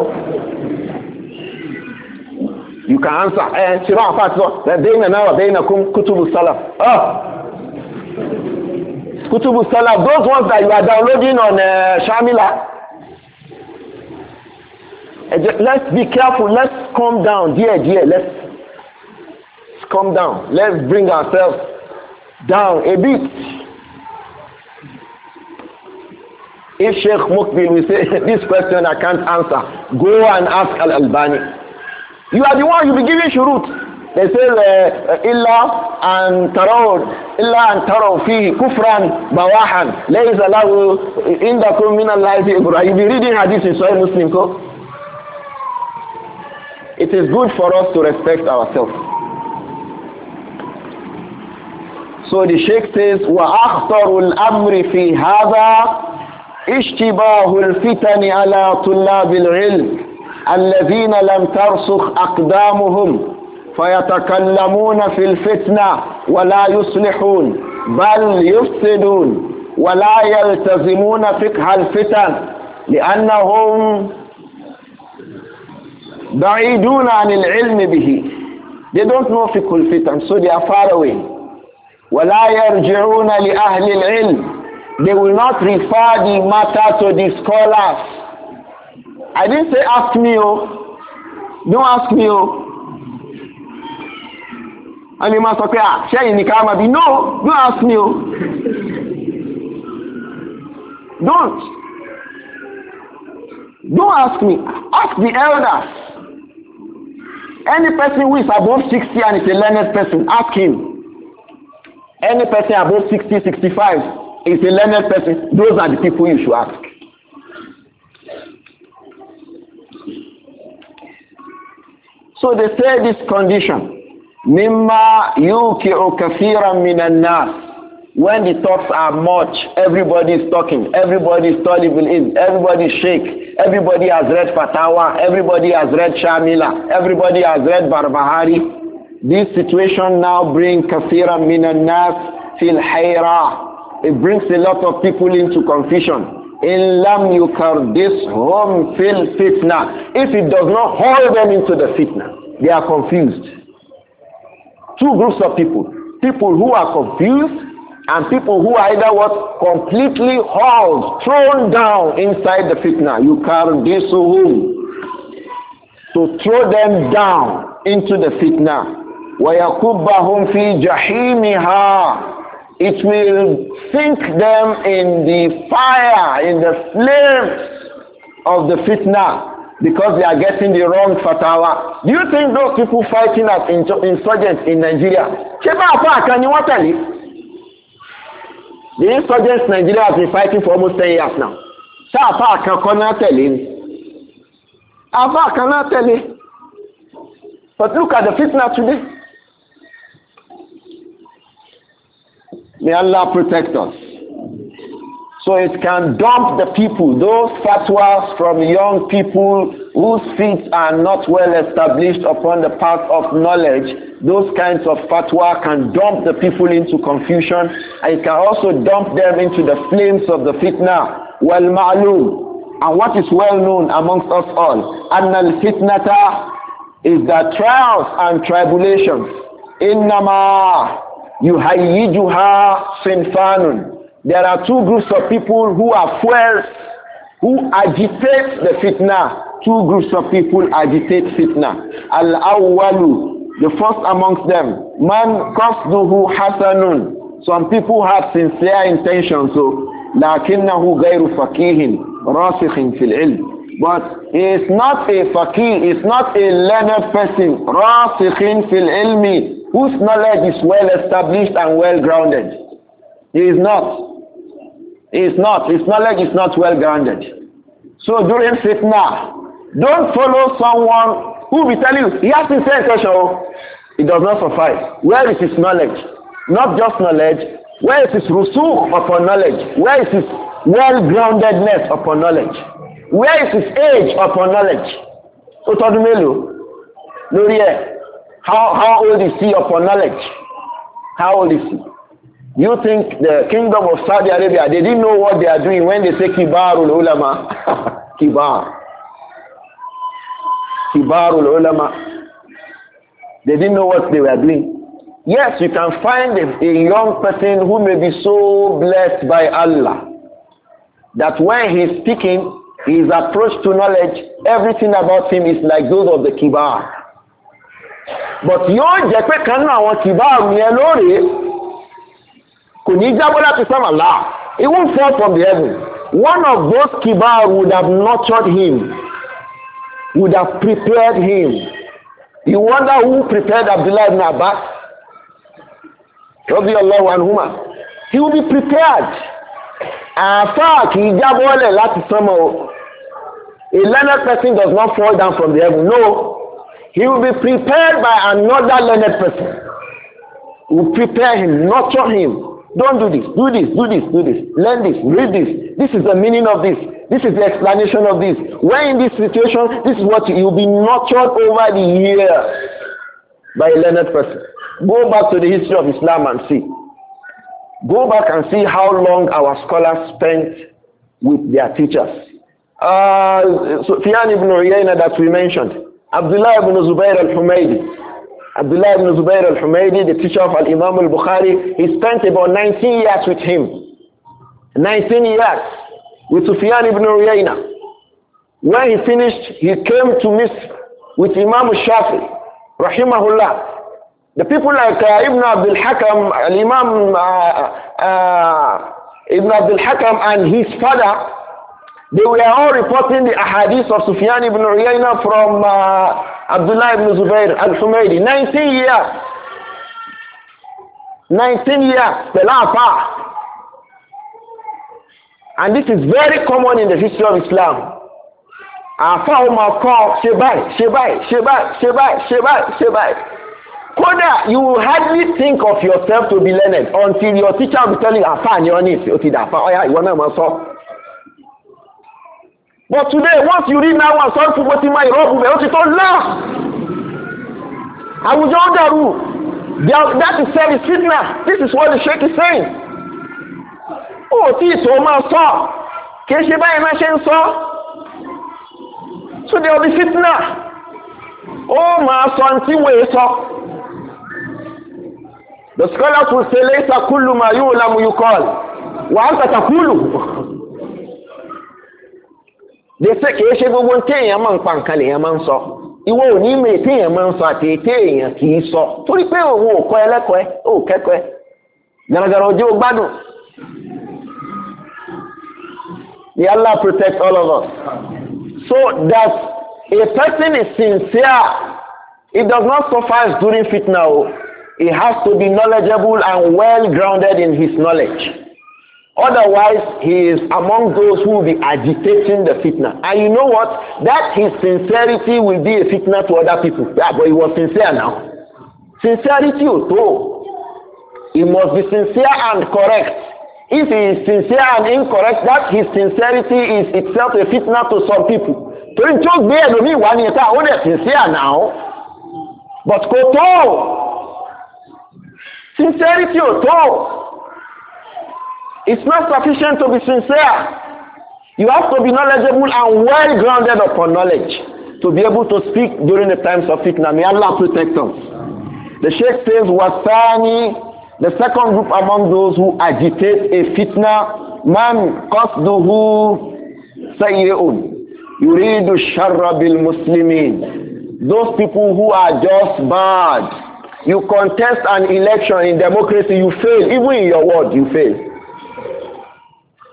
you can answer eh shira afat so baina na wa bainakum kutubu salaf ah kutubu salaf those ones that you are downloading on uh, shamila Eh, let's be careful. Let's calm down. Dear, dear, let's calm down. Let's bring ourselves down a bit. If Sheikh Mukbil will say, (laughs) this question I can't answer, go and ask Al-Albani. You are the one, you'll be giving shurut. They say eh, eh, illa and tarawd illa and taraw fi kufran bawahan laysa lahu indakum min You be reading hadith in sahih muslim ko It is good for us to respect ourselves. So the Sheikh says, وَأَخْطَرُ الْأَمْرِ فِي هَذَا اشتباه الفتن على طلاب العلم الذين لم ترسخ أقدامهم فيتكلمون في الفتنة ولا يصلحون بل يفسدون ولا يلتزمون فقه الفتن لأنهم بعيدون عن العلم به they don't know fiqh al so they are far away ولا يرجعون لأهل العلم they will not refer the matter to the scholars I didn't say ask me oh don't ask me oh and you must say ah Share in the máa no don't ask me oh don't don't ask me ask the elders any person who is above 60 and is a learned person, ask him. Any person above 60, 65 is a learned person. Those are the people you should ask. So they say this condition. مما يوقع كثيرا من الناس when the talks are much, everybody is talking, everybody is talking, everybody is everybody has read Fatawa, everybody has read Shamila, everybody has read Barbahari. This situation now brings kathira minan nas fil hayra. It brings a lot of people into confusion in lam home fil fitna if it does not hold them into the fitna they are confused two groups of people people who are confused and people who are either what completely hauled, thrown down inside the fitna. You can this whom to throw them down into the fitna. وَيَكُبَّهُمْ فِي جَحِيمِهَا It will sink them in the fire, in the flames of the fitna because they are getting the wrong fatwa. Do you think those people fighting as insurgents in Nigeria? Ṣé bá Can you wọ́n me? The insurgents Nigeria has been fighting for almost ten years now. Ṣé àfáà kan kọ́ náà tẹ̀lé ni? Àfáà kan náà tẹ̀lé. But look at the fitna today. May Allah protect us. So it can dump the people, those fatwas from young people whose feet are not well established upon the path of knowledge. Those kinds of fatwa can dump the people into confusion and it can also dump them into the flames of the fitna. Well ma'lum. And what is well known amongst us all, anna al-fitnata is the trials and tribulations. Innama yuhayyijuha sinfanun. There are two groups of people who are fuels, who agitate the fitna. Two groups of people agitate fitna. Al-awwalu, the first amongst them. Man qasduhu hasanun. Some people have sincere intentions, so لكنه غير فقيه rasikhin fil ilm. but he is not a faqih, he is not a learned person, rasikhin fil ilmi, whose knowledge is well established and well grounded. He is not. It's not. His knowledge is not well grounded. So during fitna, don't follow someone who will tell you, he has the same intention. Oh, it does not suffice. Where is his knowledge? Not just knowledge. Where is his rusuk upon knowledge? Where is his well-groundedness upon knowledge? Where is his age upon knowledge? Ó Nuriye, how How old is he upon knowledge? How old is he? You think the kingdom of Saudi Arabia, they didn't know what they are doing when they say kibarul ulama. (laughs) kibar. Kibarul ulama. They didn't know what they were doing. Yes, you can find a, a young person who may be so blessed by Allah that when he's speaking, his approach to knowledge, everything about him is like those of the kibar. But yóò jẹ́ pé kan kibar kò ní jábọ́ láti sámà he won't fall from the heaven one of those kibar would have nurtured him would have prepared him you wonder who prepared abdullah ibn abbas Allah allahu Huma. he will be prepared àáfàá kì í jábọ́ lẹ̀ láti sámà o a learned person does not fall down from the heaven no he will be prepared by another learned person who prepare him nurture him don't do this. Do this. Do this. Do this. Learn this. Read this. This is the meaning of this. This is the explanation of this. When in this situation, this is what you, will be nurtured over the years by a learned person. Go back to the history of Islam and see. Go back and see how long our scholars spent with their teachers. Uh, Sufyan ibn Uyayna that we mentioned. Abdullah ibn Zubayr al-Humaydi. Abdullah ibn al-Humaydi, the teacher of Al-Imam al-Bukhari, he spent about 19 years with him. 19 years with Sufyan ibn Uyayna. When he finished, he came to meet with Imam al-Shafi, rahimahullah. The people like uh, Ibn Abdul Hakam, Imam uh, uh, Ibn Abdul Hakam and his father, they were all reporting the ahadith of Sufyan ibn Uyayna from uh, Abdullah ibn Zubair al-Humaydi 19 years 19 years The àpá and this is very common in the history of Islam àfa ó my call, ṣe báyìí ṣe báyìí ṣe báyìí kódà you will hardly think of yourself to be learned until your teacher will be telling àfa you are ní ìsìn ó àfa ọ̀ya ìwọ náà máa sọ. So. But today, once you read now and start to put in my robe, ó ti tó láà. Àwùjọ ń dàrú. That is self signal. This is what the sheikh is saying. Oh, tí ìtò máa sọ. Kì í ṣe báyìí máa ṣe ń So there will be signal. Ó máa sọ where wèé sọ. The scholars will say, Later, Kulu Mayu Lamu, you call. Wàhálà Takulu. dèsè kìí ṣe gbogbo téèyàn máa ń pa nǹkan lèèyàn máa ń sọ ìwọ ò ní mọ ètéèyàn máa ń sọ àti ètéèyàn kìí sọ torí pé òun ò kọ́ ẹlẹ́kọ̀ọ́ ẹ ò kẹ́kọ̀ọ́ ẹ gàràgàrà òjò gbádùn. May Allah protect all of us. So that a person is sincere, it does not suffice during fitna. He has to be knowledgeable and well grounded in his knowledge. Otherwise, he is among those who will be agitating the fitna. And you know what? That his sincerity will be a fitna to other people. Yeah, but he was sincere now. Sincerity will throw. He must be sincere and correct. If he is sincere and incorrect, that his sincerity is itself a fitna to some people. To just be ẹlòmíì wá is honest ó dẹ̀ sincere now. But kò tó. Sincerity ò tó. It's not sufficient to be sincere. You have to be knowledgeable and well grounded upon knowledge to be able to speak during the times of fitna. May Allah protect us. The Sheikh says, Wasani, the second group among those who agitate a fitna, man qasduhu sayyun. Yuridu sharra bil muslimin. Those people who are just bad. You contest an election in democracy, you fail. Even in your word, you fail.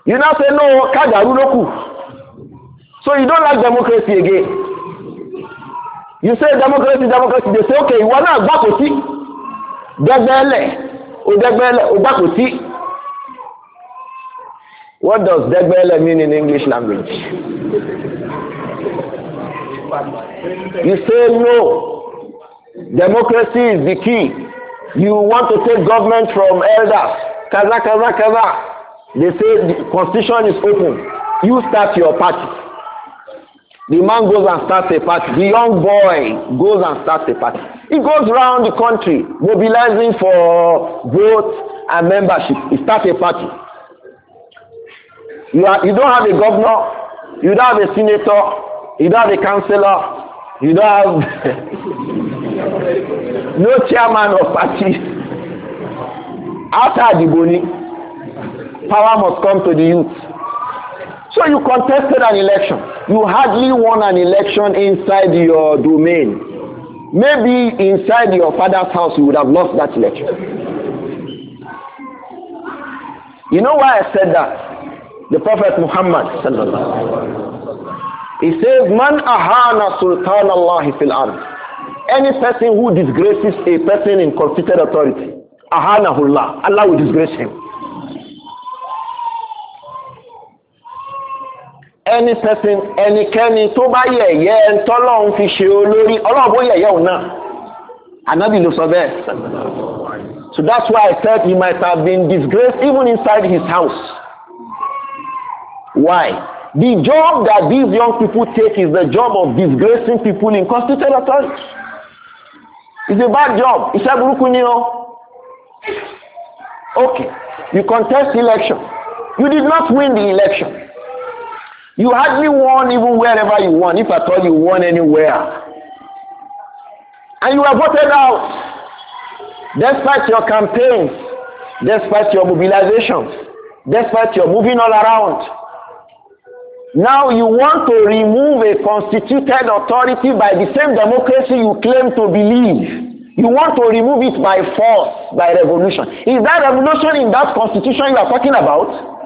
You now say, no, Kagaru no coup. So you don't like democracy again. You say democracy, democracy. They say, okay, ìwọ náà gbà kò sí. Dẹ́gbẹ́lẹ̀, o dẹ́gbẹ́lẹ̀, o gbà kò sí. What does dẹ́gbẹ́lẹ̀ mean in English language? You say no. Democracy is the key. You want to take government from elders. Kaza, kaza, kaza. They say the constitution is open. You start your party. The man goes and starts a party. The young boy goes and starts a party. He goes around the country mobilizing for votes and membership. He starts a party. You, are, you don't have a governor. You don't have a senator. You don't have a councillor. You don't have (laughs) no chairman of party. After the boni power must come to the youth. So you contested an election. You hardly won an election inside your domain. Maybe inside your father's house you would have lost that election. You know why I said that? The Prophet Muhammad he says, Man ahana sultan Allah fil ard. Any person who disgraces a person in constituted authority, ahana Allah, Allah will disgrace him. any person ẹnikẹ́ni tó bá yẹ̀yẹ́ ẹ̀ ń tọ́lọ́run fi ṣe olórí ọlọ́run bó yẹ̀yẹ́ òun náà ànábì ló sọ bẹ́ẹ̀ so that's why I said he might have been disgraced even inside his house why the job that these young people take is the job of disgracing people in constituted authority it's a bad job iṣẹ́ burúkú ni o okay you contest election you did not win the election you hardly won even wherever you won, if at all you won anywhere. And you were voted out. Despite your campaigns, despite your mobilizations, despite your moving all around. Now you want to remove a constituted authority by the same democracy you claim to believe. You want to remove it by force, by revolution. Is that revolution in that constitution you are talking about?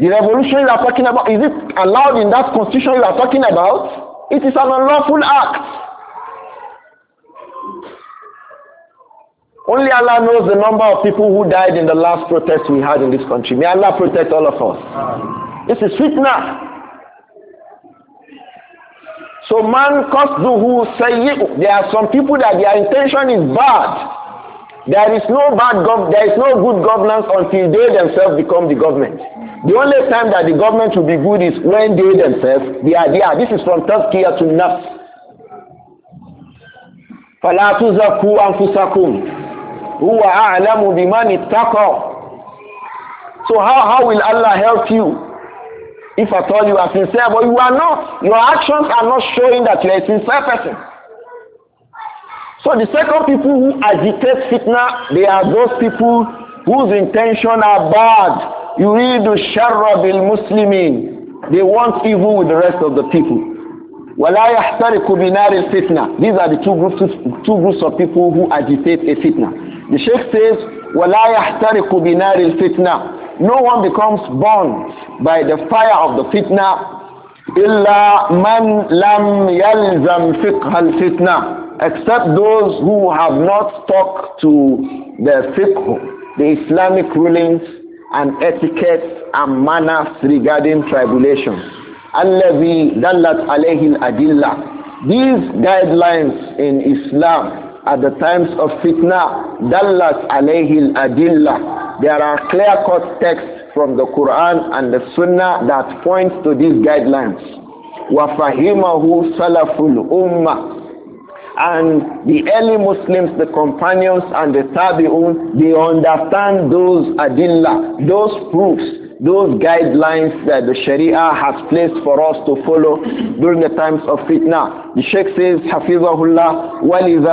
The revolution you are talking about, is it allowed in that constitution you are talking about? It is an unlawful act. Only Allah knows the number of people who died in the last protest we had in this country. May Allah protect all of us. This is fitna. So man who sayyi'u. There are some people that their intention is bad. There is no bad gov there is no good governance until they themselves become the government. The only time that the government will be good is when they themselves the idea. This is from Tazkiyah to Nafs. Fala تُزَكُوا أَنفُسَكُمْ هُوَ أَعْلَمُ بِمَنِ اتَّقَى So how, how will Allah help you? If at all you are sincere, but you are not. Your actions are not showing that you are a sincere person. So the second people who agitate fitna, they are those people whose intention are bad. You read the sharra bil muslimin. They want evil with the rest of the people. وَلَا يَحْتَرِكُ بِنَارِ الْفِتْنَةِ These are the two groups, two groups of people who agitate a fitna. The Sheikh says, وَلَا يَحْتَرِكُ بِنَارِ الْفِتْنَةِ No one becomes burned by the fire of the fitna إلا من لم يلزم فقه الفتنة except those who have not stuck to the fiqh, the Islamic rulings and etiquettes and manners regarding tribulation. الذي دلت عليه الأدلة These guidelines in Islam at the times of fitna, dallat alayhi al-adillah. There are clear-cut texts from the Quran and the Sunnah that points to these guidelines. وَفَهِمَهُ سَلَفُ الْأُمَّةِ and the early Muslims, the companions and the Tabi'un, they understand those adillah, those proofs, those guidelines that the Sharia has placed for us to follow during the times of fitna. The Sheikh says, حفظه الله, وَلِذَا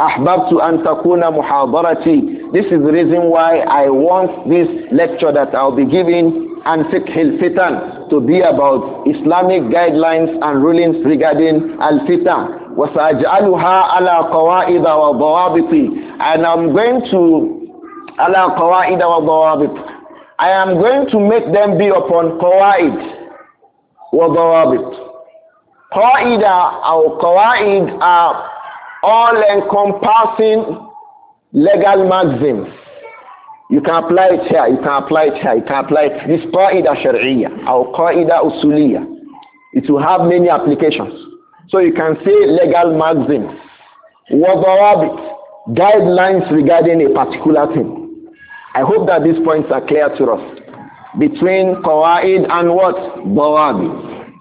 أَحْبَبْتُ أَن تَكُونَ مُحَاضَرَتِي this is the reason why I want this lecture that I'll be giving and Fiqh fitan to be about Islamic guidelines and rulings regarding al-fitan. وَسَأَجْعَلُهَا عَلَى قَوَائِدَ وَضَوَابِطِ And I'm going to عَلَى قَوَائِدَ وَضَوَابِطِ I am going to make them be upon قَوَائِد وَضَوَابِطِ Qaida or Qawaid are all-encompassing Legal maxims. You can apply it here, you can apply it here, you can apply it. This qaida shari'iyya or qaida usuliyya. It will have many applications. So you can say legal maxims, wadarabit, guidelines regarding a particular thing. I hope that these points are clear to us. Between qa'id and what? Dawabi.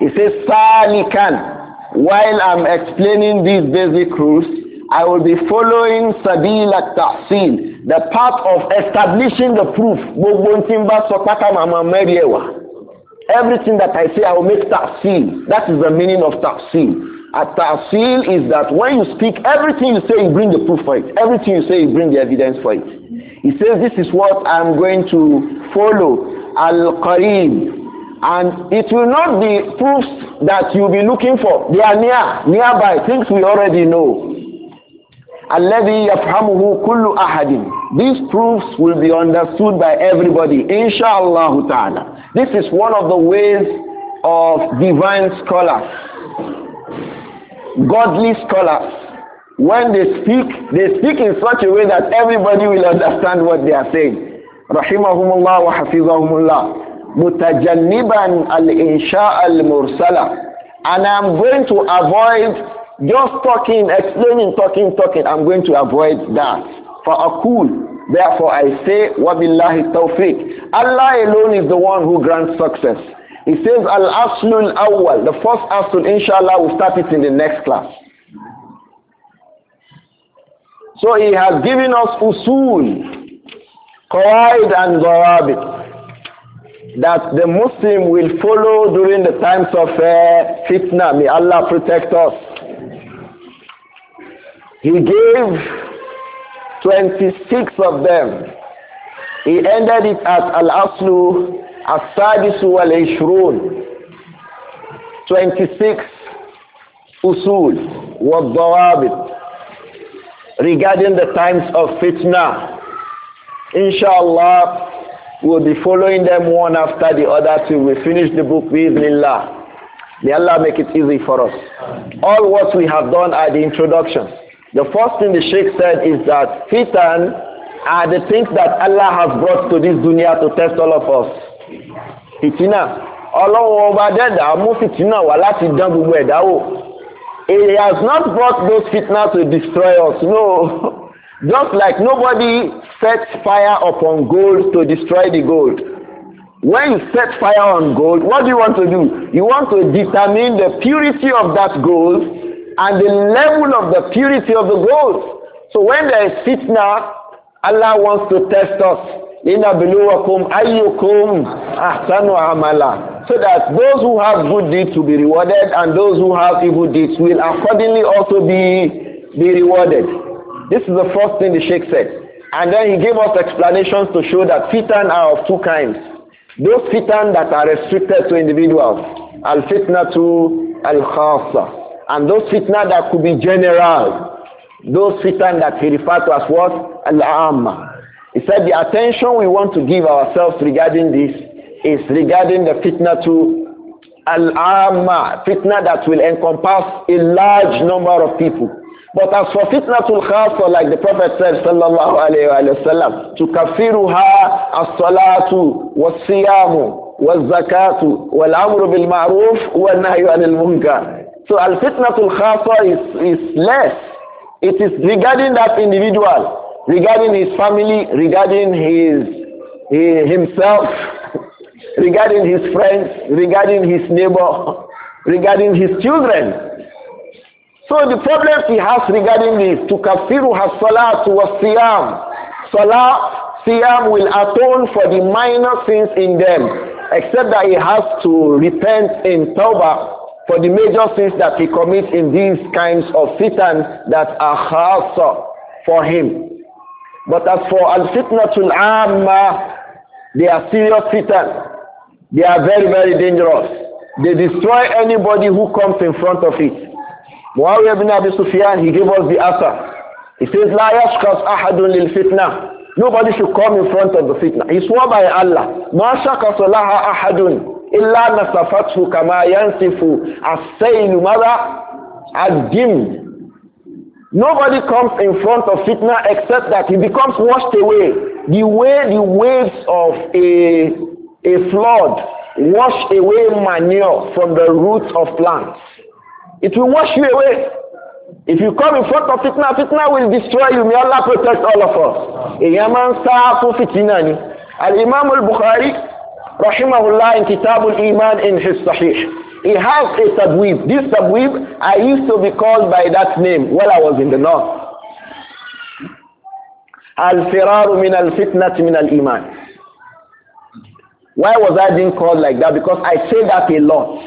It says salikan. While I'm explaining these basic rules, I will be following Sabil al-Tahsil, the path of establishing the proof. Everything that I say, I will make Tahsil. That is the meaning of Tahsil. A tahsil is that when you speak, everything you say, you bring the proof for it. Everything you say, you bring the evidence for it. He says, this is what I'm going to follow. Al-Qareem, and it will not be proofs that you'll be looking for. They are near, nearby, things we already know. الذي يفهمه كل These proofs will be understood by everybody insha'Allah ta'ala This is one of the ways of divine scholars Godly scholars When they speak, they speak in such a way that everybody will understand what they are saying Rahimahumullah wa وحفظهم الله متجنبا al-mursala. And I'm going to avoid just talking, explaining, talking, talking, I'm going to avoid that. For a cool, therefore I say, Wabillahi tawfiq. Allah alone is the one who grants success. He says, Al-Aslul Awwal. The first Aslul, inshallah, we'll start it in the next class. So he has given us usul, qawaid and dawabit that the Muslim will follow during the times of uh, fitna. May Allah protect us. He gave 26 of them. He ended it at Al-Aslu as Al Wal-Ishrun. 26 usul wa regarding the times of fitna. Inshallah, we'll be following them one after the other till we finish the book with Allah. May Allah make it easy for us. All what we have done are the introductions. The first thing the Sheikh said is that fitan are the things that Allah has brought to this dunya to test all of us. Fitina. Ọlọ́run He has not brought those fitna to destroy us. No. (laughs) Just like nobody sets fire upon gold to destroy the gold. When you set fire on gold, what do you want to do? You want to determine the purity of that gold and the level of the purity of the gold. So when there is fitna, Allah wants to test us. لِنَبْلُوَكُمْ ayyukum ahsanu amala. So that those who have good deeds will be rewarded and those who have evil deeds will accordingly also be, be rewarded. This is the first thing the Sheikh said. And then he gave us explanations to show that fitan are of two kinds. Those fitan that are restricted to individuals. Al-fitna to al-khasa. And those fitna that could be general, those fitna that he referred to as what? Al-Amma. He said the attention we want to give ourselves regarding this is regarding the fitna to Al-Amma, fitna that will encompass a large number of people. But as for to khasa, like the Prophet said, sallallahu alayhi wa sallam, tukafiruha as-salatu was-siyamu والزكاة والأمر بالمعروف والنهي عن المنكر so al-fitnatul khasa is, is less. It is regarding that individual, regarding his family, regarding his he, himself, (laughs) regarding his friends, regarding his neighbor, (laughs) regarding his children. So the problem he has regarding this, to kafiru has to was siyam. Salah, siyam will atone for the minor sins in them, except that he has to repent in tawbah for the major sins that he commits in these kinds of fitan that are khasa for him. But as for al-fitnatul amma, they are serious fitan. They are very, very dangerous. They destroy anybody who comes in front of it. Muawiyah ibn Abi Sufyan, he gave us the answer. He says, لا يشخص أحد للفتنة. Nobody should come in front of the fitna. He swore by Allah. ما شخص لها أحد إلا نصفته كما ينصف السيل ماذا الدم Nobody comes in front of fitna except that he becomes washed away. The way the waves of a, a flood wash away manure from the roots of plants. It will wash you away. If you come in front of fitna, fitna will destroy you. May Allah protect all of us. Al-Imam al-Bukhari rahimahullah in Kitabul Iman in his Sahih. He has a tabweeb. This tabweeb, I used to be called by that name while I was in the north. Al-firaru min al-fitnat min al-iman. Why was I being called like that? Because I say that a lot.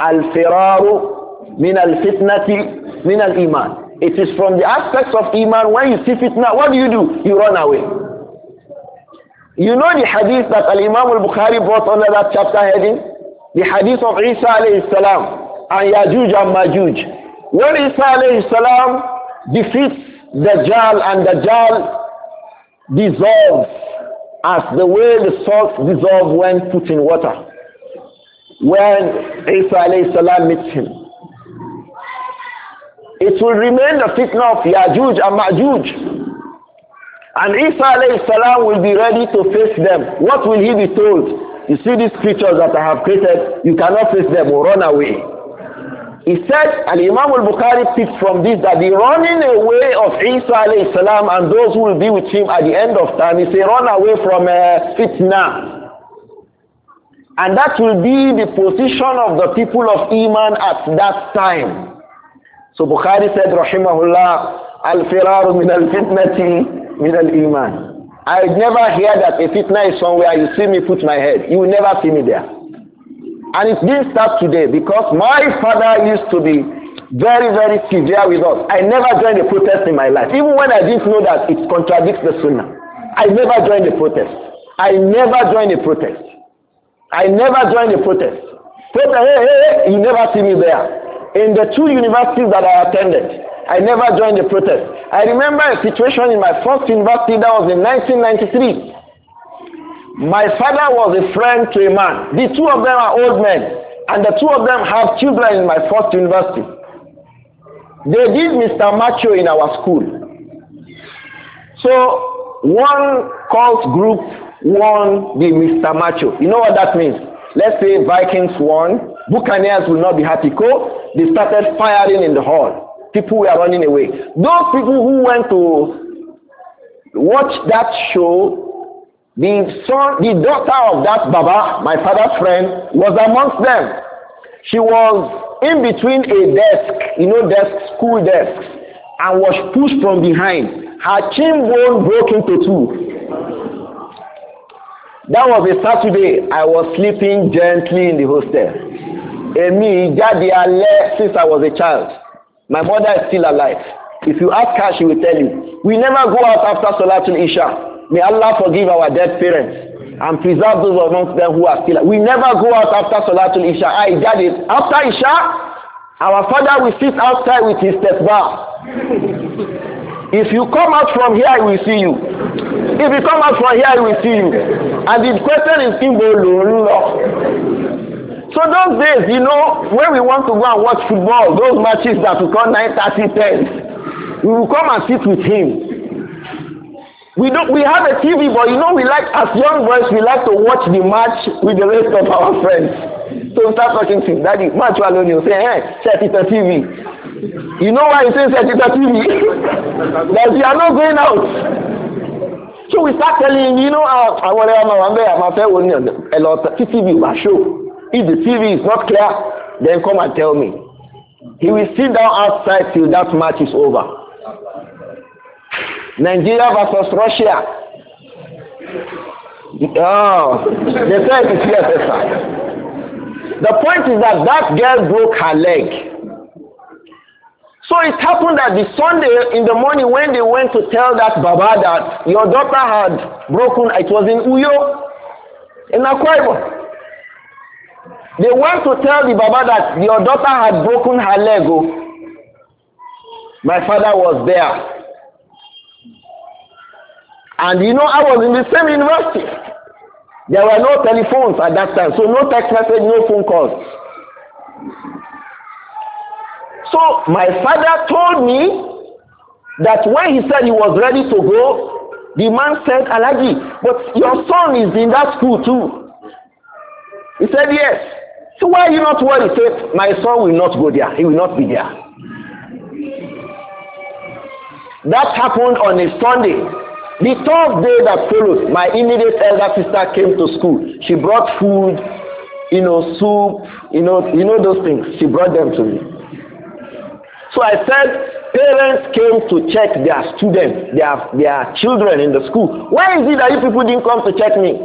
Al-firaru min al-fitnati min al-iman. It is from the aspects of iman. When you see fitna, what do you do? You run away. You know the hadith that Al-Imam al-Bukhari brought under that chapter heading? The hadith of Isa alayhi salam and Yajuj and Majuj. When Isa alayhi salam defeats Dajjal and Dajjal dissolves as the way the salt dissolves when put in water. When Isa alayhi salam meets him. It will remain the fitna of Yajuj and Majuj and if alayhi will be ready to face them. What will he be told? You see these creatures that I have created, you cannot face them or run away. He said, and Imam al-Bukhari picked from this that the running away of Isa salam and those who will be with him at the end of time is a run away from uh, fitna. And that will be the position of the people of Iman at that time. So Bukhari said, Rahimahullah, al firar min al-fitnati min iman I never hear that a fitna is somewhere you see me put my head. You will never see me there. And it didn't start today because my father used to be very, very severe with us. I never joined a protest in my life. Even when I didn't know that it contradicts the sunnah. I never joined a protest. I never joined a protest. I never joined a protest. Protest, hey, hey, hey, you never see me there. In the two universities that I attended, I never joined the protest. I remember a situation in my first university that was in 1993. My father was a friend to a man. The two of them are old men, and the two of them have children in my first university. They did Mr. Macho in our school. So one cult group won the Mr. Macho. You know what that means? Let's say Vikings won. Buccaneers will not be happy. Co. They started firing in the hall people were running away. Those people who went to watch that show, the son, the daughter of that Baba, my father's friend, was amongst them. She was in between a desk, you know, desk, school desks, and was pushed from behind. Her chin bone broke into two. That was a Saturday. I was sleeping gently in the hostel. daddy, I left since I was a child. My mother is still alive. If you ask her, she will tell you. We never go out after Salatul Isha. May Allah forgive our dead parents and preserve those amongst them who are still alive. We never go out after Salatul Isha. I got it. After Isha, our father will sit outside with his tesbah. If you come out from here, I will see you. If you come out from here, I will see you. And the question is, so those days, you know, when we want to go and watch football, those matches that will come 9.30, 10, we will come and sit with him. We don't we have a TV, but you know we like as young boys we like to watch the match with the rest of our friends. So we start talking to him, Daddy, match alone, you say, hey, set it on TV. You know why you say set it a TV? that you are not going out. So we start telling him, you know, ah, àwọn ọ̀rẹ́ ọmọ wa ń bẹ̀rẹ̀ àmọ́ fẹ́ wo ni ẹ̀lọ́ títí bí wàá ṣòwò. If the TV is not clear, then come and tell me. He will sit down outside till that match is over. Nigeria versus Russia. Oh, they said it's clear, sister. The point is that that girl broke her leg. So it happened that the Sunday in the morning when they went to tell that Baba that your daughter had broken, it was in Uyo, in Akwaibo. They went to tell the Baba that your daughter had broken her leg. Oh. My father was there. And you know, I was in the same university. There were no telephones at that time, so no text message, no phone calls. So my father told me that when he said he was ready to go, the man said, "Alagi, but your son is in that school too. He said, Yes. So why are you not worried? Say, my son will not go there. He will not be there. That happened on a Sunday. The third day that followed, my immediate elder sister came to school. She brought food, you know, soup, you know, you know those things. She brought them to me. So I said, parents came to check their students, their, their children in the school. Why is it that you people didn't come to check me?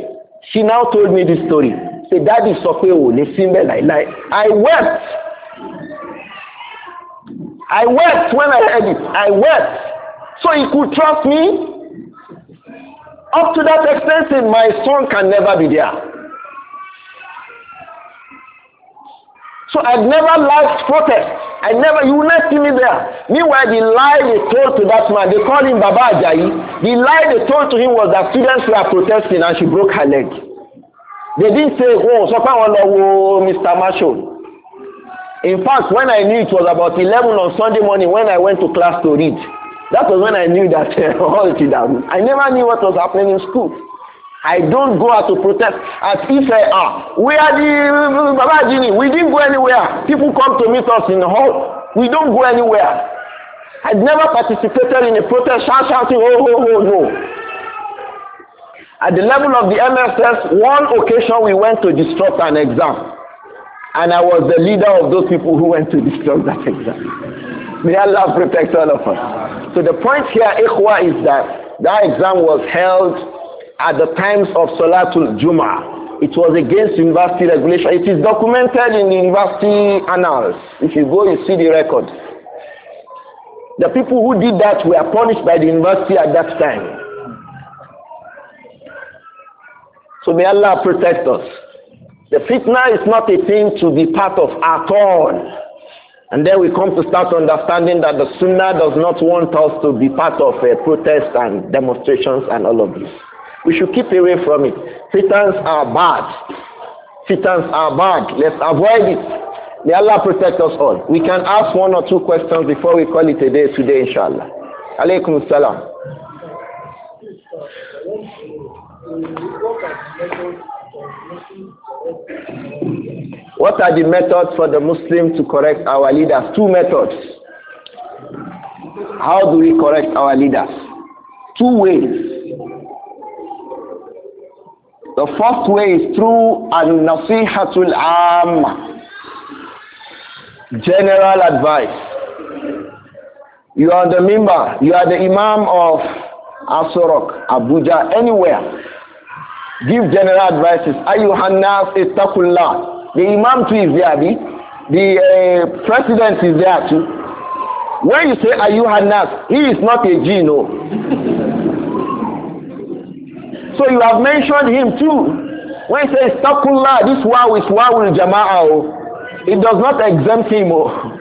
She now told me this story pé that is sọ pé ò lè sí láìláì i wept i wept when i heard it i wept so he could trust me up to that extent my son can never be there so i never liked protest i never you will not see me there meanwhile the lie they told to that man they call him baba ajayi the lie they told to him was that students were protesting and she broke her leg. They didn't say, oh, so far Mr. Marshall. In fact, when I knew it was about 11 on Sunday morning when I went to class to read, that was when I knew that (laughs) all it done. I never knew what was happening in school. I don't go out to protest as if I are. We are the Baba Jini. We didn't go anywhere. People come to meet us in the hall. We don't go anywhere. i never participated in a protest shout shouting, oh, oh, oh, no. At the level of the MSS, one occasion we went to disrupt an exam. And I was the leader of those people who went to disrupt that (laughs) exam. May Allah protect all of us. So the point here, Ikhwa, is that that exam was held at the times of Salatul Juma. it was against university regulation. It is documented in the university annals. If you go, you see the record. The people who did that were punished by the university at that time. So may Allah protect us. The fitna is not a thing to be part of at all. And then we come to start understanding that the Sunnah does not want us to be part of a eh, protests and demonstrations and all of this. We should keep away from it. Fitans are bad. Fitans are bad. Let's avoid it. May Allah protect us all. We can ask one or two questions before we call it a day today, inshallah. Alaykum salam. What are the methods for the Muslim to correct our leaders? Two methods. How do we correct our leaders? Two ways. The first way is through an nasihatul am, general advice. You are the member, you are the imam of Asorok, Abuja, anywhere give general advices. Ayyuhan nas ittaqullah. The imam too is there, the, the uh, president is there too. When you say Ayyuhan he is not a jinn. Oh. so you have mentioned him too. When you say ittaqullah, this wow is in jama'ah. Oh. It does not exempt him. Oh.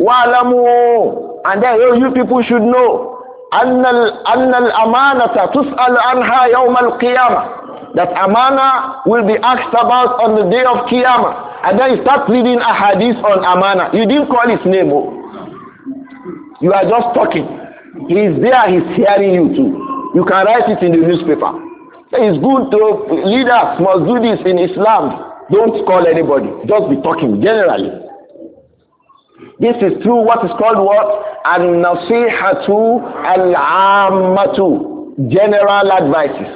(laughs) And then oh, you people should know. أن أن الأمانة تسأل عنها يوم القيامة that amana will be asked about on the day of Qiyamah. And then you start reading a hadith on amana. You didn't call his name. Oh. You are just talking. He is there, he's hearing you too. You can write it in the newspaper. It's good to leaders must do this in Islam. Don't call anybody. Just be talking generally. This is through what is called what? Al-nasihatu al-ammatu. General advices.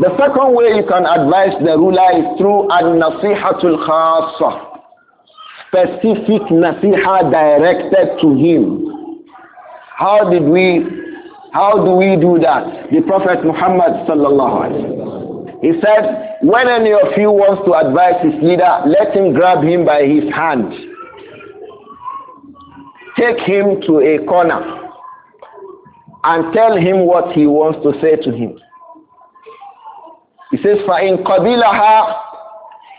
The second way you can advise the ruler is through an-nasihatul khassa. Specific nasiha directed to him. How did we, how do we do that? The Prophet Muhammad sallallahu alaihi wasallam. He said, when any of you wants to advise his leader, let him grab him by his hand. Take him to a corner and tell him what he wants to say to him says, in قَبِلَهَا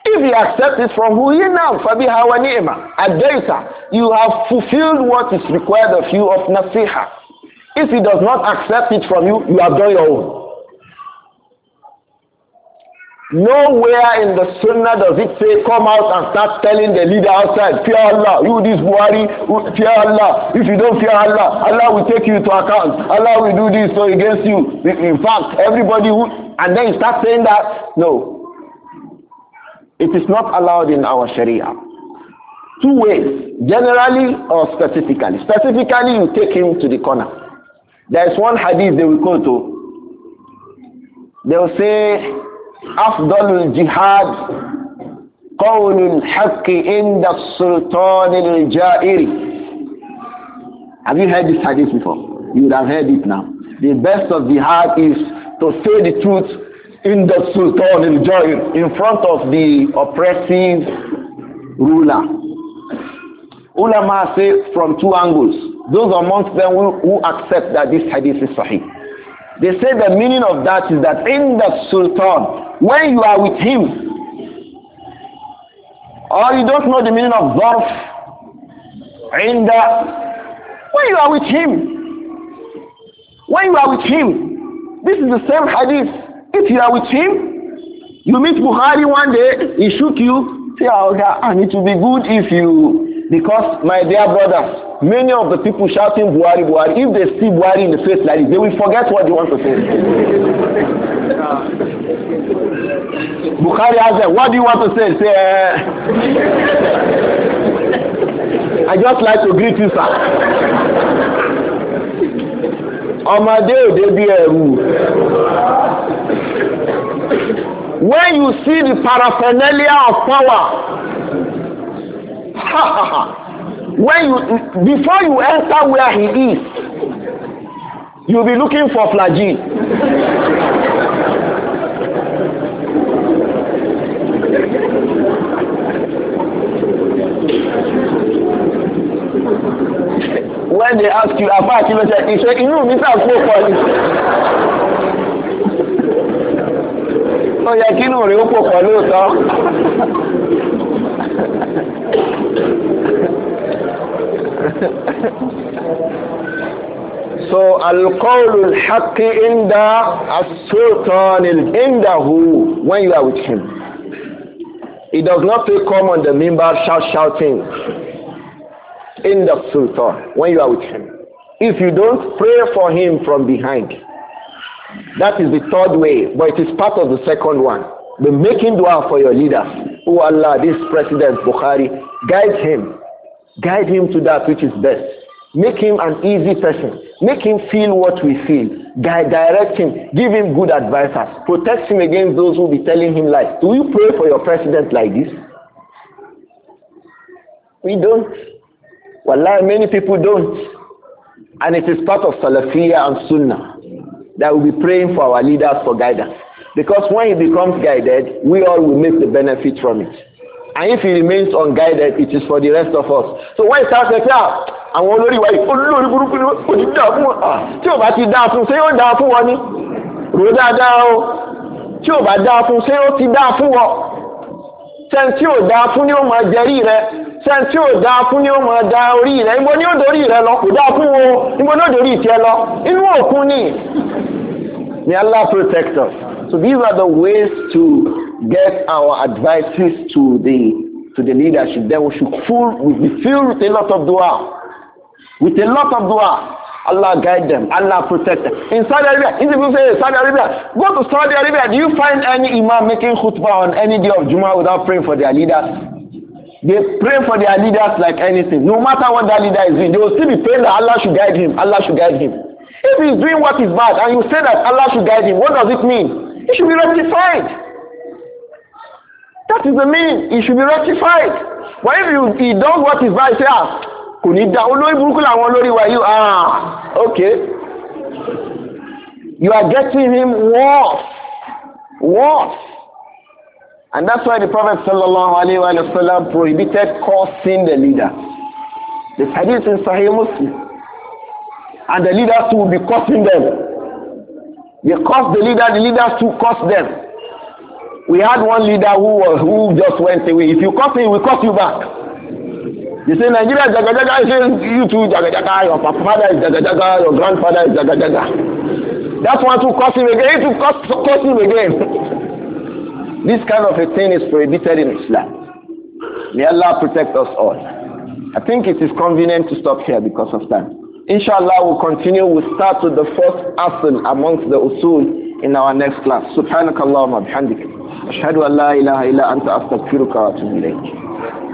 If he accepts it from who he now, فَبِهَا a أَدَّيْتَ You have fulfilled what is required of you of nasiha. If he does not accept it from you, you have done your own. Nowhere in the sunnah does it say come out and start telling the leader outside, fear Allah, you this Buhari, fear Allah. If you don't fear Allah, Allah will take you to account. Allah will do this so against you. In fact, everybody would, and then you start saying that. No. It is not allowed in our Sharia. Two ways, generally or specifically. Specifically, you take him to the corner. There is one hadith they will go to. They will say, afdọ́lù jihad kọ́wùnì hakki inda sultani jairi have you heard this hadith before you have heard it now the best of jihad is to say the truth in the sultan in jair in front of the oppressive ruler ulama say from two angles those amongst them who, who accept that this hadith is sahih They say the meaning of that is that in the Sultan, when you are with him, or you don't know the meaning of zarf, in the, when you are with him, when you are with him, this is the same hadith. If you are with him, you meet Buhari one day, he shook you, say, oh, I need to be good if you Because, my dear brothers, many of the people shouting Buhari, Buhari, if they see Buhari in the face like this, they will forget what they want to say. Bukhari asked them, what do you want to say? Say, uh, eh, I just like to greet you, sir. Ọmọdé òde bí ẹ̀rù. When you see the paraphernalia of power, (laughs) when you before you enter where he is you'll be looking for flagin when they ask you apá àti he ìṣe inú mi sà kó pọ̀ ni. ó yẹ kí inú rẹ̀ ó pò pọ̀ lóòótọ́. so al-qawl al-haqq inda as-sultan indahu when you are with him it does not take come on the member shout shouting in the sultan when you are with him if you don't pray for him from behind that is the third way but it is part of the second one be making dua for your leader. Oh Allah, this President Bukhari, guide him. Guide him to that which is best. Make him an easy person. Make him feel what we feel. direct him. Give him good advices. Protect him against those who be telling him lies. Do you pray for your president like this? We don't. Wallahi, many people don't. And it is part of Salafiyah and Sunnah that we be praying for our leaders for guidance. Because when he becomes guided, we all will make the benefit from it. And if he remains unguided, it is for the rest of us. So when it starts like that, àwọn olórí wa yìí olórí burúkú ni kò ní dáa fún wọn. Ah, tí ò bá ti dáa fún ṣé yóò dáa fún wọn ni? Rò dáadáa o. Tí ò bá dáa fún ṣé yóò ti dáa fún wọn? Sẹ́ni tí ò dáa fún ni ó máa jẹrí rẹ. Sẹ́ni tí ò dáa fún ni ó máa da orí rẹ. Ibo ni ó dorí rẹ lọ? Kò dáa fún wọn o. Ibo ni ó dorí tiẹ̀ lọ? Inú òkun ni. May Allah protect us. So these are the ways to get our advices to the to the leadership. Then we should full we fill with a lot of dua. With a lot of dua. Allah guide them. Allah protect them. In Saudi Arabia, the people say Saudi Arabia, go to Saudi Arabia. Do you find any imam making khutbah on any day of Jummah without praying for their leaders? They pray for their leaders like anything. No matter what that leader is doing, they will still be praying that Allah should guide him. Allah should guide him. If he's doing what is bad and you say that Allah should guide him, what does it mean? He should be rectified. That is the meaning. He should be rectified. But if you, he does what is right, here? Could ah, kò that only olórí and làwọn where you are? ah, okay. You are getting him worse. Worse. And that's why the Prophet wasallam prohibited cursing the leader. The hadith in Sahih Muslim. And the leaders will be cursing them. They cursed the leader, the leaders too cursed them. We had one leader who was, who just went away. If you curse him, we curse you back. You say Nigeria jaga jaga, I say you too jaga jaga. Your father is jaga jaga, your grandfather is jaga jaga. That one to curse him again, to curse, curse him again. (laughs) this kind of a thing is prohibited in Islam. May Allah protect us all. I think it is convenient to stop here because of time. Inshallah, we'll continue. We'll start with the first asl amongst the usul in our next class. Subhanakallahumma bihamdik. أشهد أن لا illa anta أنت أستغفرك وأتوب إليك